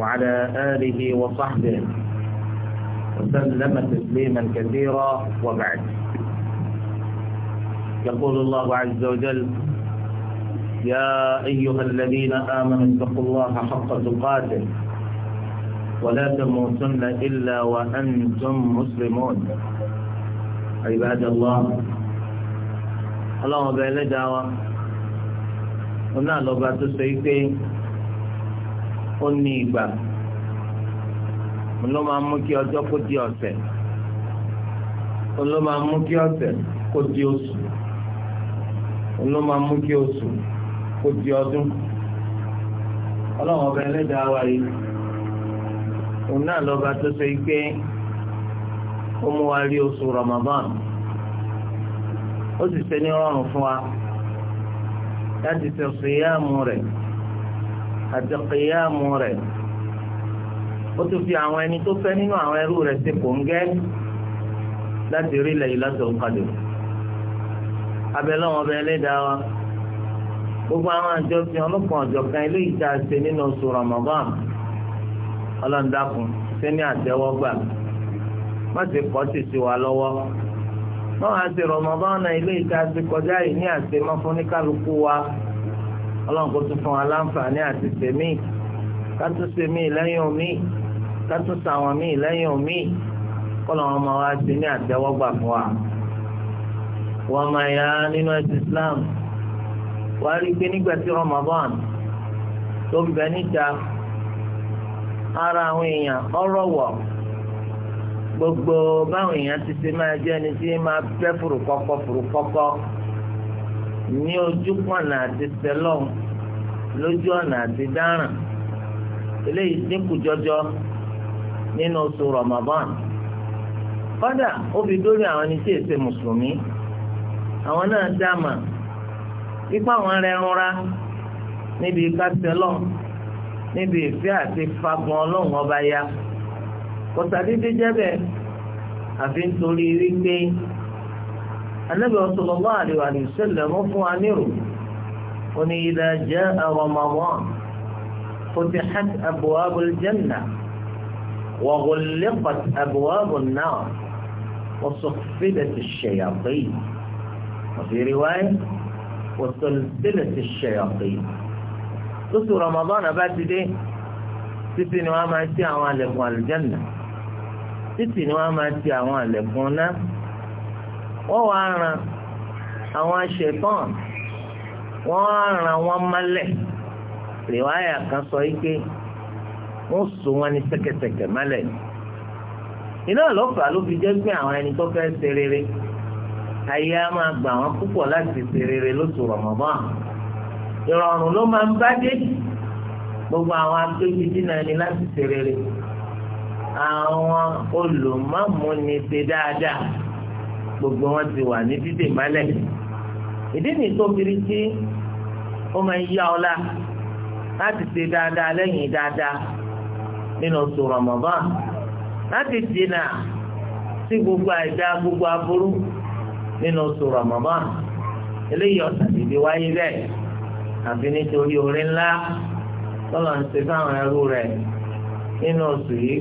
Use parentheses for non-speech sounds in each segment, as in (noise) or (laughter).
وعلى آله وصحبه وسلم تسليما كثيرا وبعد يقول الله عز وجل يا أيها الذين آمنوا اتقوا الله حق تقاته ولا تموتن إلا وأنتم مسلمون عباد الله اللهم بألدعوة ونعلم بعد سيكين ó ní ìgbà ló máa mú kí ọjọ́ kó di ọ̀sẹ̀ ló máa mú kí ọ̀sẹ̀ kó di oṣù ló máa mú kí oṣù kó di ọdún ọlọ́run ọba ẹlẹ́dàá wa yìí òun náà lọ́ba tó ṣe pé ó mú wa rí oṣù Ramadan ó sì ṣe ní fún wa láti àti kìyàmù rẹ̀ ó tún fi àwọn ẹni tó fẹ́ nínú àwọn ẹrú rẹ̀ ṣe kòńgẹ́ láti rí Laylatul Qadr abẹ́lẹ́ wọn bẹ ẹlẹ́dàá wa gbogbo àwọn àjọsìn ọlọ́kan ọ̀jọ̀kan eléyìí tá a ṣe nínú oṣù Ramadan ọlọ́ndàkùn ṣé ní àtẹ́wọ́gbà má ṣe kọ́ sì sí wa lọ́wọ́ náà a ṣe Ramadan eléyìí tá a ṣe kọjá yìí ní àṣemọ́ fún ní kálukú wa ọlọ́run kò tún fún wa láǹfààní àti sèmí ká tún sèmí lẹ́yìn omi ká tún sàwọn míì lẹ́yìn omi kọ́lọ̀ wọn máa wá sí ní àtẹ́wọ́gbà fún wa. wọ́n máa yá nínú ẹ̀sìn Islam wàá rí i pé nígbà tí Ramadan tó ń bẹ níta ara àwọn èèyàn ọ̀rọ̀ wọ̀ gbogbo báwọn èèyàn ti ṣe máa jẹ́ ẹni tí máa bẹ́ fùrùkọ́kọ́ fùrùkọ́kọ́. ní ojú pọ̀nà àti sẹlọ́n lójú ọ̀nà àti dáràn eléyìí dínkù jọjọ nínú oṣù Ramadan kọ́dà ó fi dórí àwọn ẹni tí èsè mùsùlùmí àwọn náà dáàmà ipá àwọn rẹrunra níbi níbi ìfẹ́ àti fagbọn ọlọ́run ọba ya jẹ́ bẹ́ẹ̀ àfi nítorí wípé. النبي صلى الله عليه وآله وسلم وفوا أميره وني إذا جاء رمضان فتحت أبواب الجنة وغلقت أبواب النار وصفدت الشياطين وفي رواية وسلسلة الشياطين lóṣù rọmọbọ́nà bá ti dé títí ni wọ́n máa ti àwọn àlẹ̀kùn àlùjànnà títí ni wọ́n máa ti àwọn àlẹ̀kùn náà wọ́n wá ran àwọn aṣetán wọ́n á ran wọn malẹ̀. rìwáyà kan sọ yìí pé wọ́n so wọn ní ṣẹ̀kẹ̀ṣẹ̀kẹ̀ mọ́lẹ̀ iná ọlọ́pàá ló fi jẹ́ pé àwọn ẹni tó fẹ́ ṣe rere ayé á máa gbà wọ́n púpọ̀ láti ṣe rere lóṣù Ramadan ìrọ̀rùn ló máa ń bá dé gbogbo àwọn akéwì dínà ni láti ṣe rere àwọn olùmọ̀mọ́ni ṣe dáadáa. gbogbo wọn ti wà ní dídè mọ́lẹ̀ ìdí ni tó tí ó máa ń yá ọ la láti ṣe dáadáa lẹ́yìn gbogbo àìdá gbogbo aburú nínú oṣù eléyìí ọ̀sán dìde wáyé bẹ́ẹ̀ nítorí orin ńlá tọ́lọ̀ ń ṣe fáwọn ẹrú rẹ̀ nínú oṣù yìí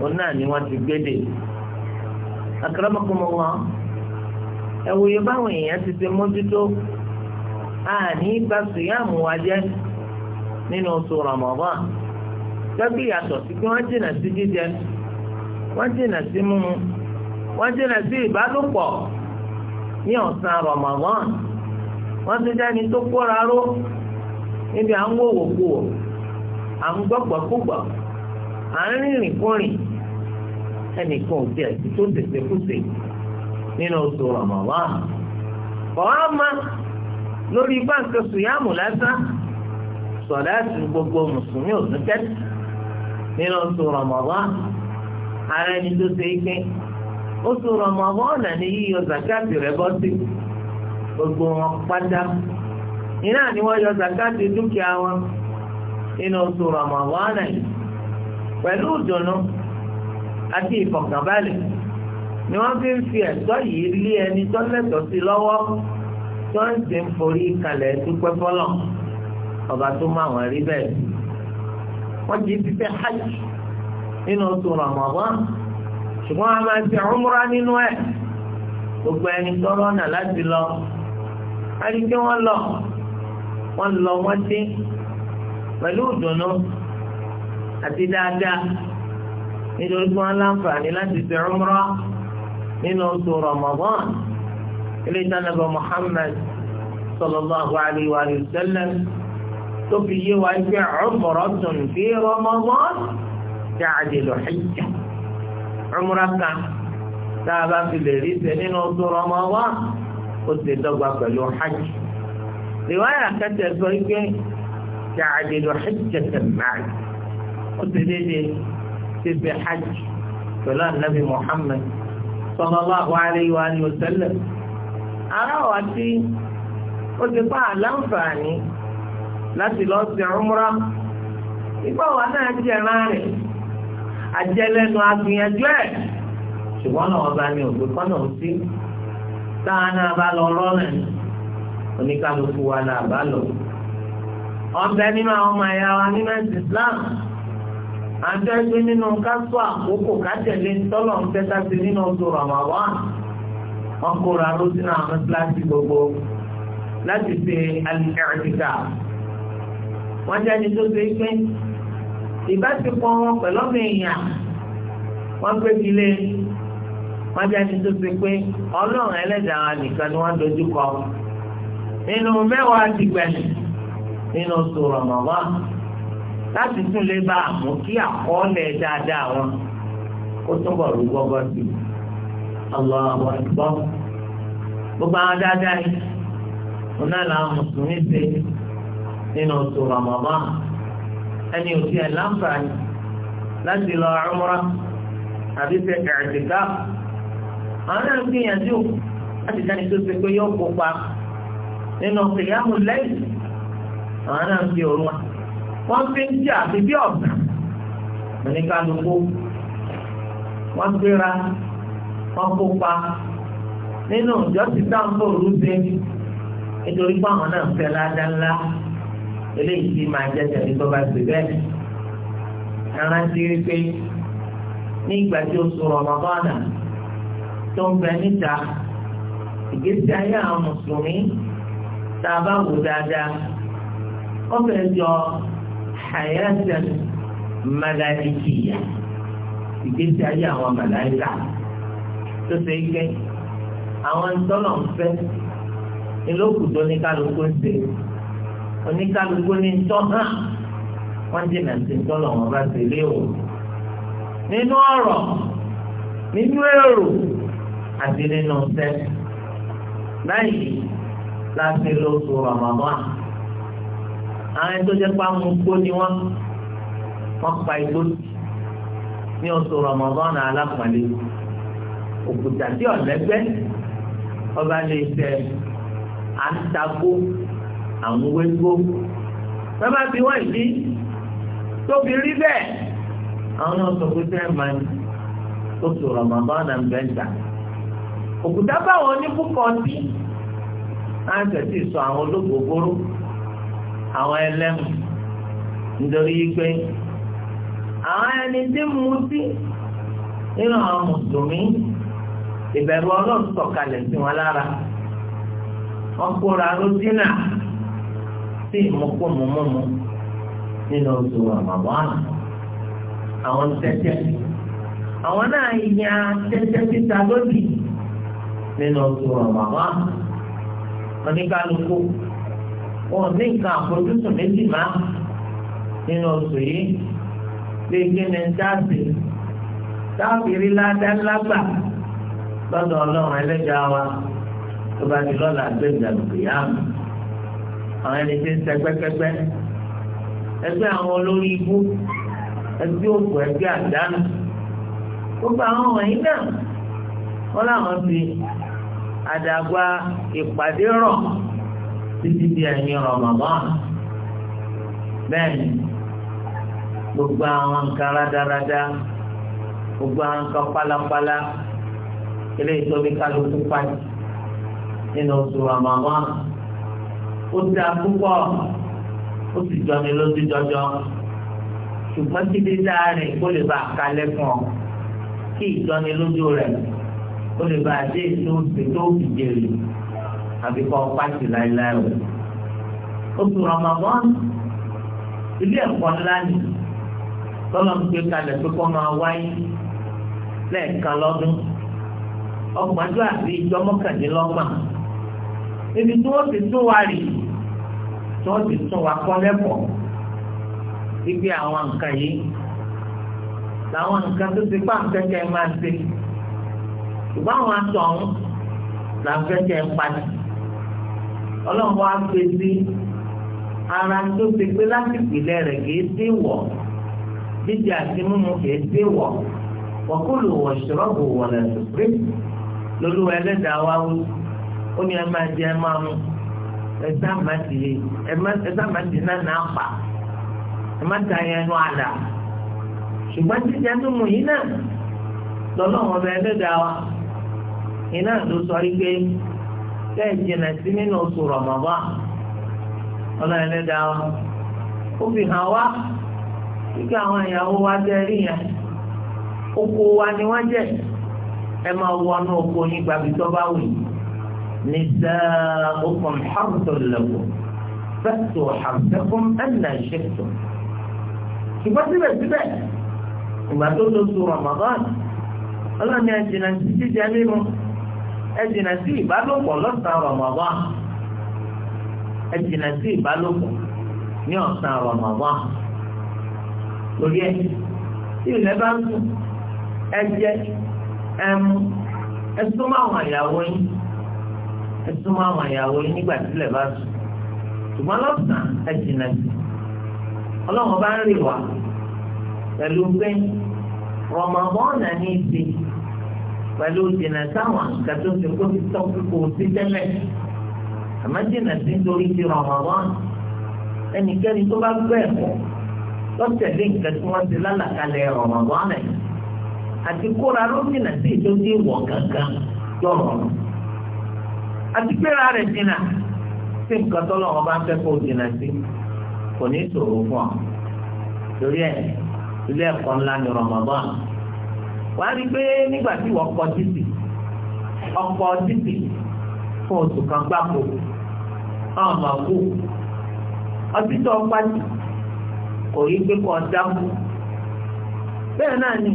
òun náà ni wọ́n ti gbédè àkàràmọ́kùnmọ́ wọn ẹ̀wòye báwọn èèyàn ti ṣe mójútó àní gba sùyàmù wa jẹ́ nínú oṣù Ramadan gbẹ́bí yàtọ̀ sí pé wọ́n jìnà sí jíjẹ wọ́n jìnà sí mímu wọ́n jìnà sí ìbálòpọ̀ ní ọ̀sán Ramadan wọ́n ti dẹ́ni tó kóra ró níbi à ń wòwò à ń à ń rìnrìn kúrìn. ẹnìkan ò di àti tó tètè kùsè nínú oṣù Ramadan ọ̀hán ma lórí báńkì sùyàmù lásán sọ̀dáàtì gbogbo mùsùlùmí òsùn tẹ́tì nínú oṣù Ramadan ara ẹni tó ṣe ike oṣù Ramadan ọ̀nà ni yíyọ zakati rẹ̀ bọ́ sí gbogbo wọn pátá iná ni wọ́n yọ zakati dúkìá wọn nínú oṣù Ramadan ọ̀nà yìí pẹ̀lú ìdùnnú àti ìfọ̀kànbalẹ̀ ni wọ́n fi ń fi ẹ̀tọ́ yìí lé ẹni tó lẹ́tọ̀ọ́ sí lọ́wọ́ tó ń sì ń forí kalẹ̀ dúpẹ́ fọ́lọ̀ ọba tó máa wọ̀n rí bẹ́ẹ̀. wọ́n ti fífẹ́ hajj nínú oṣù Ramadan ṣùgbọ́n a máa fi umra nínú ẹ̀ gbogbo ẹni tọ́rọ́ náà láti lọ. a rí pé wọ́n lọ wọ́n lọ wọ́n sí pẹ̀lú ìdùnnú àti dáadáa. nítorí pé wọ́n láǹfààní láti ṣe umra nínú oṣù Ramadan ilé ìtànàbà Muhammad sallallahu alaihi wa sallam tó fi yé wa pé umratun fi Ramadan ta'dilu hajja umra kan tá fi lè rí ṣe nínú oṣù Ramadan ó ti dọ́gba pẹ̀lú hajj riwaya kẹtẹ sọ pé ta'dilu hajjatan ma'a ó ti dédé. ti ṣe hajj pẹ̀lú ànábì Muhammad sallallahu alaihi wa alihi wa wa tí ó ti pa àlàǹfààní láti lọ sí umra ìgbà wa náà jẹran rẹ̀ àjẹlẹ́nu agbìyànjú ẹ ṣùgbọ́n náà ọba ní ògbé kọ́nà sí táwọn náà bá lọ rọ́ọ̀nà oníkálukú wa náà bá lọ. nínú àwọn ọmọ ẹ̀yà wa nínú ẹ̀sìn Islam. àjẹ́gbé nínú kásọ̀ àkókò kátẹ̀lé tọ́lọ̀ ń tẹ́ta sí nínú oṣù Ramadan wọn kó ló sínú àwọn gbogbo láti ṣe alìkẹ́rẹ́tìkà wọ́n jẹ́ ẹni tó ṣe é pé ìbáṣepọ̀ wọn pẹ̀lú ọmọ èèyàn wọ́n gbé ti lé wọ́n jẹ́ ẹni tó ṣe pé ọlọ́run ẹlẹ́dàá wa nìkan ni wọ́n láti tún lè bá mú kí àkọọ́lẹ̀ dáadáa wọn kó túbọ̀ rú gbọ́gbọ́ sí i. àwọn Akbar. Gbogbo àwọn dáadáa yìí, òun náà làwọn mùsùlùmí ṣe nínú oṣù Ẹni ò láti lọ àbí ṣe Àwọn náà ń gbìyànjú láti dáni tó ṣe pé yóò kópa nínú Àwọn náà ń wọ́n fi ń jí àti bí ọ̀sán oníkálukú wọ́n nínú ìjọ ti dáńtò olùdé nítorí pé àwọn náà fẹ́ ládáńlá eléyìí ti máa tó bá gbé bẹ́ẹ̀ ti rí pé ní ìgbà tí tó ń bẹ hayatan malaikiya ìgbésí ayé àwọn màláíkà tó ṣe é gbé àwọn ìtọ́nà fẹ́ ìlókùtò oníkálukú ṣe oníkálukú ní tọ́nà wọ́n dènà sí ìtọ́nà wọn bá ṣe o nínú ọ̀rọ̀ nínú èrò àti nínú sẹ́ báyìí láti lóṣù àwọn ẹni tó jẹ́ pé àwọn gbó ni wọ́n wọ́n pa igbó ní oṣù rọmọbọ́nà alápàdé òkúta tí ọ̀lẹ́gbẹ́ ọba lè fẹ́ à ń takó àwọn wéńgó bàbá bí wọ́n ìdí tóbi rí bẹ́ẹ̀ àwọn náà sọ pé sẹ́ẹ̀ máa ń oṣù rọmọbọ́nà ń bẹ́ẹ̀ ta òkúta báwọn oníbùkọ́ sí láǹtẹ̀ sì sọ àwọn olóògbògbòrò. àwọn ẹlẹ́mù nítorí pé àwọn ẹni tí ń mutí nínú àwọn mùsùlùmí ìbẹ̀rù ọlọ́run sọ̀kalẹ̀ sí wọn lára wọn kóra sí ìmúkúmùmúmu nínú oṣù Ramadan àwọn tẹ́tẹ́ àwọn náà yan tẹ́tẹ́ títa nínú oṣù oníkálukú. wọn ní nǹkan àfojúsùn méjì má nínú oṣù yìí lè gbé ní dáàbì dáàbì rí ládálágbà lọ́dọ̀ ọlọ́run ẹlẹ́dàá wa tó bá ti lọ́la gbé ìdàgbé yá mi àwọn ẹni tí ń sẹgbẹ́kẹ́gbẹ́ ẹgbẹ́ àwọn olórí ibú ẹgbẹ́ òkú ẹgbẹ́ àdánù gbogbo àwọn wọ̀nyí náà wọ́n láwọn fi àdàgbà ìpàdé rọ̀ títí di ẹ̀yìn Ramadan bẹ́ẹ̀ ni gbogbo àwọn nǹkan rádaràda gbogbo àwọn nǹkan pálapàla ilé ìtọ́bi kálukú pàdé nínú oṣù Ramadan ó dáa púpọ̀ ó sì jọni lójú jọjọ ṣùgbọ́n kí dídá rẹ̀ kó lè bá a kalẹ̀ fún ọ kí ìjọni lójú rẹ̀ kó lè bá dé ètò òsè tó òbí jèrè àbí kọ́ pàṣẹ láéláé o. oṣù Ramadan ilé ẹ̀kọ́ ńlá ni tọ́lọ́ ń gbé kalẹ̀ pé kọ́ máa wáyé lẹ́ẹ̀kan lọ́dún ọgbọ̀njọ́ àti ìjọ mọ́kàndínlọ́gbọ̀n ibi tí wọ́n ti tún wa rì tí wọ́n ti tún wa kọ́ lẹ́kọ̀ọ́ ibi àwọn nǹkan yìí làwọn nǹkan tó ti pàǹkẹ́kẹ́ máa ṣe ṣùgbọ́n àwọn aṣọ ọ̀hún làǹkẹ́kẹ́ ń pàṣẹ ọlọ́run wá gbé sí ara tó ti pé láti ìpìlẹ̀ rẹ̀ kìí sí wọ̀ jíjẹ àti mímu kìí sí wọ̀ wọ́kúlù wọ̀ ṣọ́ọ̀bù wọ̀ lẹ́sùn pé lolúwa ẹlẹ́dàá wá wú ó ní ẹ máa jẹ ẹ máa mú ẹ sá máa ti náà náà pa ẹ má ta yẹn nú àdá ṣùgbọ́n jíjẹ mímu yìí náà lọ́lọ́run ọba ẹlẹ́dàá wá yìí náà ló sọ yìí pé tẹ́ ìjìnlẹ̀ sí nínú oṣù Ramadan ọ̀nà ẹlẹ́dàá wa ó fi hàn wá kíkẹ́ àwọn ìyàwó wa jẹ́ rí yẹn oko wa ni wọ́n jẹ́ ẹ máa wọnú oko yín gbàgbé tó bá wù ní sáà okùn hàrùtò lẹ́kọ̀ọ́ fẹ́tò hàrùtẹ́kùn ẹ̀nà ìṣètò ṣùgbọ́n síbẹ̀síbẹ̀ ìgbà tó lóṣù Ramadan ọlọ́ni ẹ̀jìnlẹ̀ sí jíjẹ mímu ẹ jìnà sí ìbálòpọ̀ lọ́sàn-án Ramadan ẹ jìnà sí ìbálòpọ̀ ní ọ̀sán Ramadan lórí ẹ tí ilẹ̀ bá ń sùn ẹ jẹ ẹ mu ẹ súnmọ́ àwọn ìyàwó yín ẹ súnmọ́ àwọn ìyàwó yín nígbà tí bá sùn ṣùgbọ́n lọ́sàn-án ẹ sí ọlọ́run bá ń rè wá pẹ̀lú pé Ramadan náà ní ìsìn pẹ̀lú ìdènà táwọn nǹkan tó ti kó ti tọ́ kó ti tẹ́lẹ̀ àmọ́ dènà sí nítorí ti Ramadan ẹnikẹ́ni tó bá gbẹ́ ẹ̀kọ́ lọ́tẹ̀lé nǹkan tí wọ́n ti lálàkalẹ̀ Ramadan rẹ̀ àti kóra ló dènà sí ìtòjú ìwọ̀ kankan lọ́rọ̀ rẹ̀ àti gbéra rẹ̀ dènà sí nǹkan tó lọ́wọ́ bá fẹ́ kó dènà sí kò ní ṣòro fún ọ torí ẹ̀ ilé ẹ̀kọ́ ńlá ni Ramadan. wàá rí i pé nígbà tí wọ́n kọ títì ọkọ̀ títì fún oṣù kan gbáko ọmọ kú ọtí tó ọpá tì kò rí pé kò dákú bẹ́ẹ̀ náà ni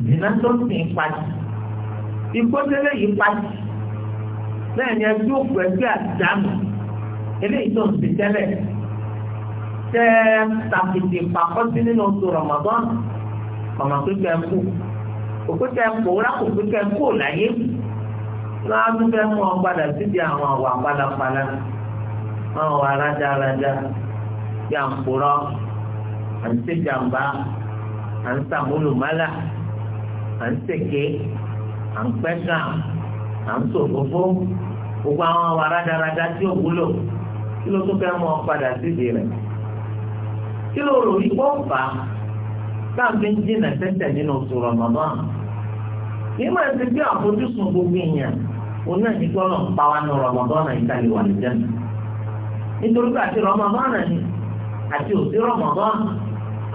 ìdìnnà tó ń sìn pàtì ìgbósẹ́lẹ̀ yìí pàtì bẹ́ẹ̀ ni ẹbí òkú eléyìí tó ń tẹ́lẹ̀ tẹ́ nínú oṣù pípẹ́ òkúta ẹ̀kọ́ wúrà kò fi kẹ́ kó láyé náà tún fẹ́ mú ọ padà síbi àwọn àwà pálapàla àwọn àwà rádaràda bí à ń kúrọ́ à ń ṣe jàǹbá à ń sàmúlùmálà à ń ṣèké à ń pẹ́kà à ń ṣòfófó gbogbo àwọn àwà rádaràda tí ò wúlò kí ló tún fẹ́ mú ọ padà síbi rẹ̀ kí ló rò wípé ó fà á táà ń jìnà tẹ́tẹ̀ nínú oṣù Ramadan yìí máa ti gbé àfojúsùn gbogbo èèyàn òun náà ní kí ọlọ́run pa wá ní rọmọdọ́nà ìtàlẹ̀ wà lẹ́jẹ̀ nítorí pé àti rọmọdọ́nà ni àti òsì rọmọdọ́nà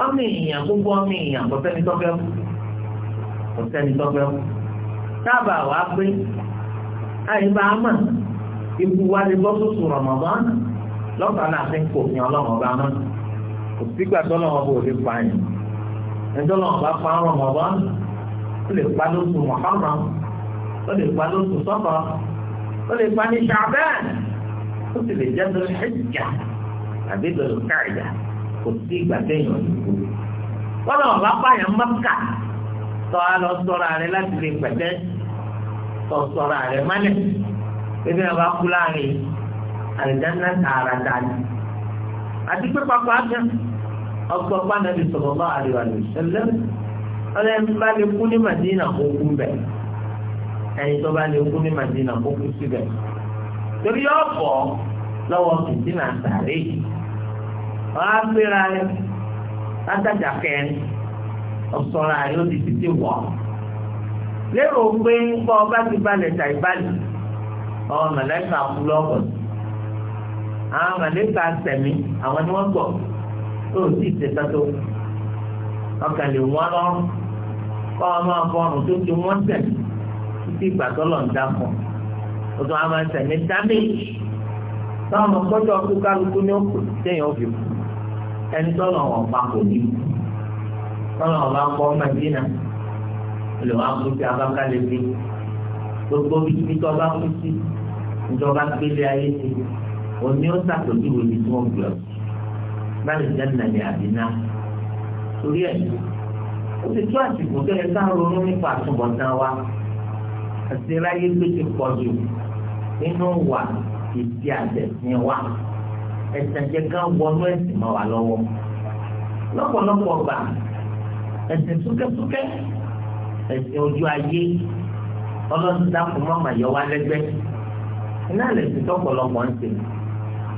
ọmọ èèyàn gbogbo ọmọ èèyàn kò sẹ́ni tọ́fẹ́ kù kò sẹ́ni tọ́fẹ́ kù tábà wá pé àyíbá mà ikú wa lè bọ́ sóṣù rọmọdọ́nà lọ́sàn-án náà fi ń kò fi ọlọ́run ọba ó pa lóṣù Muharram ó pa lóṣù Safar ó pa ní Sha'ban ó sì lè jẹ́ lórí Hijja àbí lórí káàjà kò sí ìgbà téèyàn wọ́n lọ bá pààyàn Mẹ́kà tọ́ a lọ sọ́ra rẹ láti lè pẹ̀tẹ́ tọ́ sọ́ra rẹ mọ́lẹ̀ bébí wọn bá kú láàrin àlìjáná tààrà dání. àti pé pàpà á jẹun ọgbọ́n bá nàbì sallallahu alaihi ọlọ́yìn tó bá lè kú ní Madina kó kú bẹ̀ ẹni tó bá lè kú ní Madina kó kú síbẹ̀ torí ọ̀pọ̀ lọ́wọ́ fìdínà sàárè wọ́n á gbéra rẹ̀ látàjà kẹrin ọ̀sọ̀ra rẹ̀ ó ti ti ti wọ̀ lérò pé kọ́ ọba ti balẹ̀ tà ìbalẹ̀ ọmọ mẹlẹ́ka kú lọ́wọ́ àwọn mẹlẹ́ka sẹ̀mí àwọn ni wọ́n gbọ̀ tó o sì ṣe tọ́tò ọkàn lè wọ́n lọ́rùn káwa máa fọrùn tó ti wọ́n tẹ̀ títí ìgbà tọ́lọ̀ ń dákọ̀ o tún á máa tẹ̀ ní dáméjì táwọn ọmọ kọjọ kú kálukú ní òkú téèyàn fi kú ẹni tọ́lọ̀ wọn pa kò ní tọ́lọ̀ wọn bá kọ́ mẹ́tínà lè wá kú sí abákálẹ́gbé gbogbo bíbí tó bá kú sí ìjọba gbélé ayé ti òní ó sàpèjúwe ní tí wọ́n gbé ọ báyìí jẹ́ nàìjíríà bí náà torí ẹ̀ ó ti tó àsìkò tó yẹ ká ronú nípa àtúbọ̀tán wa àti láyé ló ti pọ̀ jù nínú wa ìdí àtẹ̀sìn wa ẹ̀sìn jẹ́ wọnú ẹ̀sìn mọ́ wa lọ́wọ́ lọ́pọ̀lọpọ̀ gbà ẹ̀sìn súkẹ́súkẹ́ ẹ̀sìn ojú ayé ọlọ́dún dákun mọ́mọ́ yọ wá lẹ́gbẹ́ iná lẹ̀sìn tọ́pọ̀lọpọ̀ ń ṣe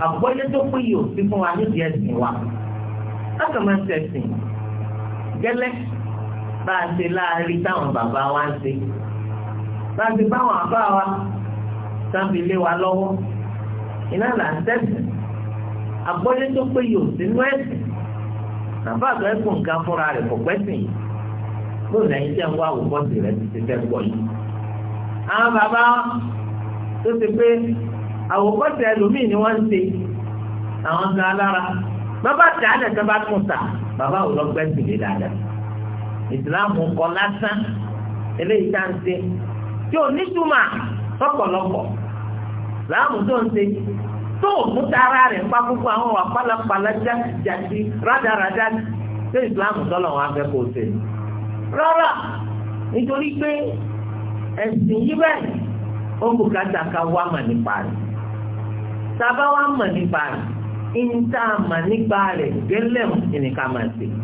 àgbọ́yé tó péye òsì fún wa nídìí ẹ̀sìn wa láti máa ń ṣẹ̀sìn gẹ́lẹ́ bá a ṣe láàárín táwọn bàbá wa ń ṣe bá a ṣe báwọn àbá wa sábì lé wa lọ́wọ́ iná là ń tẹ̀sẹ̀ àgbọ́lé tó pé yóò sínú ẹ̀sìn bàbá àgbà ẹ̀kọ́ nǹkan fúnra rẹ̀ kò pẹ́sìn yìí lóòrùn ẹ̀yìn jẹ́ ń wá àwòkọ́sì rẹ̀ ti ṣe fẹ́ pọ̀ yìí àwọn bàbá tó ti pé àwòkọ́sì ẹlòmíì ni wọ́n ń ṣe àwọn gan alára bàbá tààdà tó bá tún ta bàbá òun lọ gbẹ́sìn lé dáadáa ìsìláàmù kọ lásán eléyìí tá à ń ṣe tí ò ní túmọ̀ lọ́pọ̀lọpọ̀ ìsìláàmù tó ń ṣe tó mú tara rẹ̀ ń pa gbogbo àwọn wà pálapàla jáde rádaràdá ṣé ìsìláàmù tọ́lọ̀ wọn afẹ́ kò ṣe rárá nítorí pé ẹ̀sìn yí bẹ́ẹ̀ ó kò kájà ká wá mà nípa rẹ̀ sábà wá mà nípa rẹ̀ ìyìn nípa rẹ̀ gẹ́lẹ́ ìnìkan sí i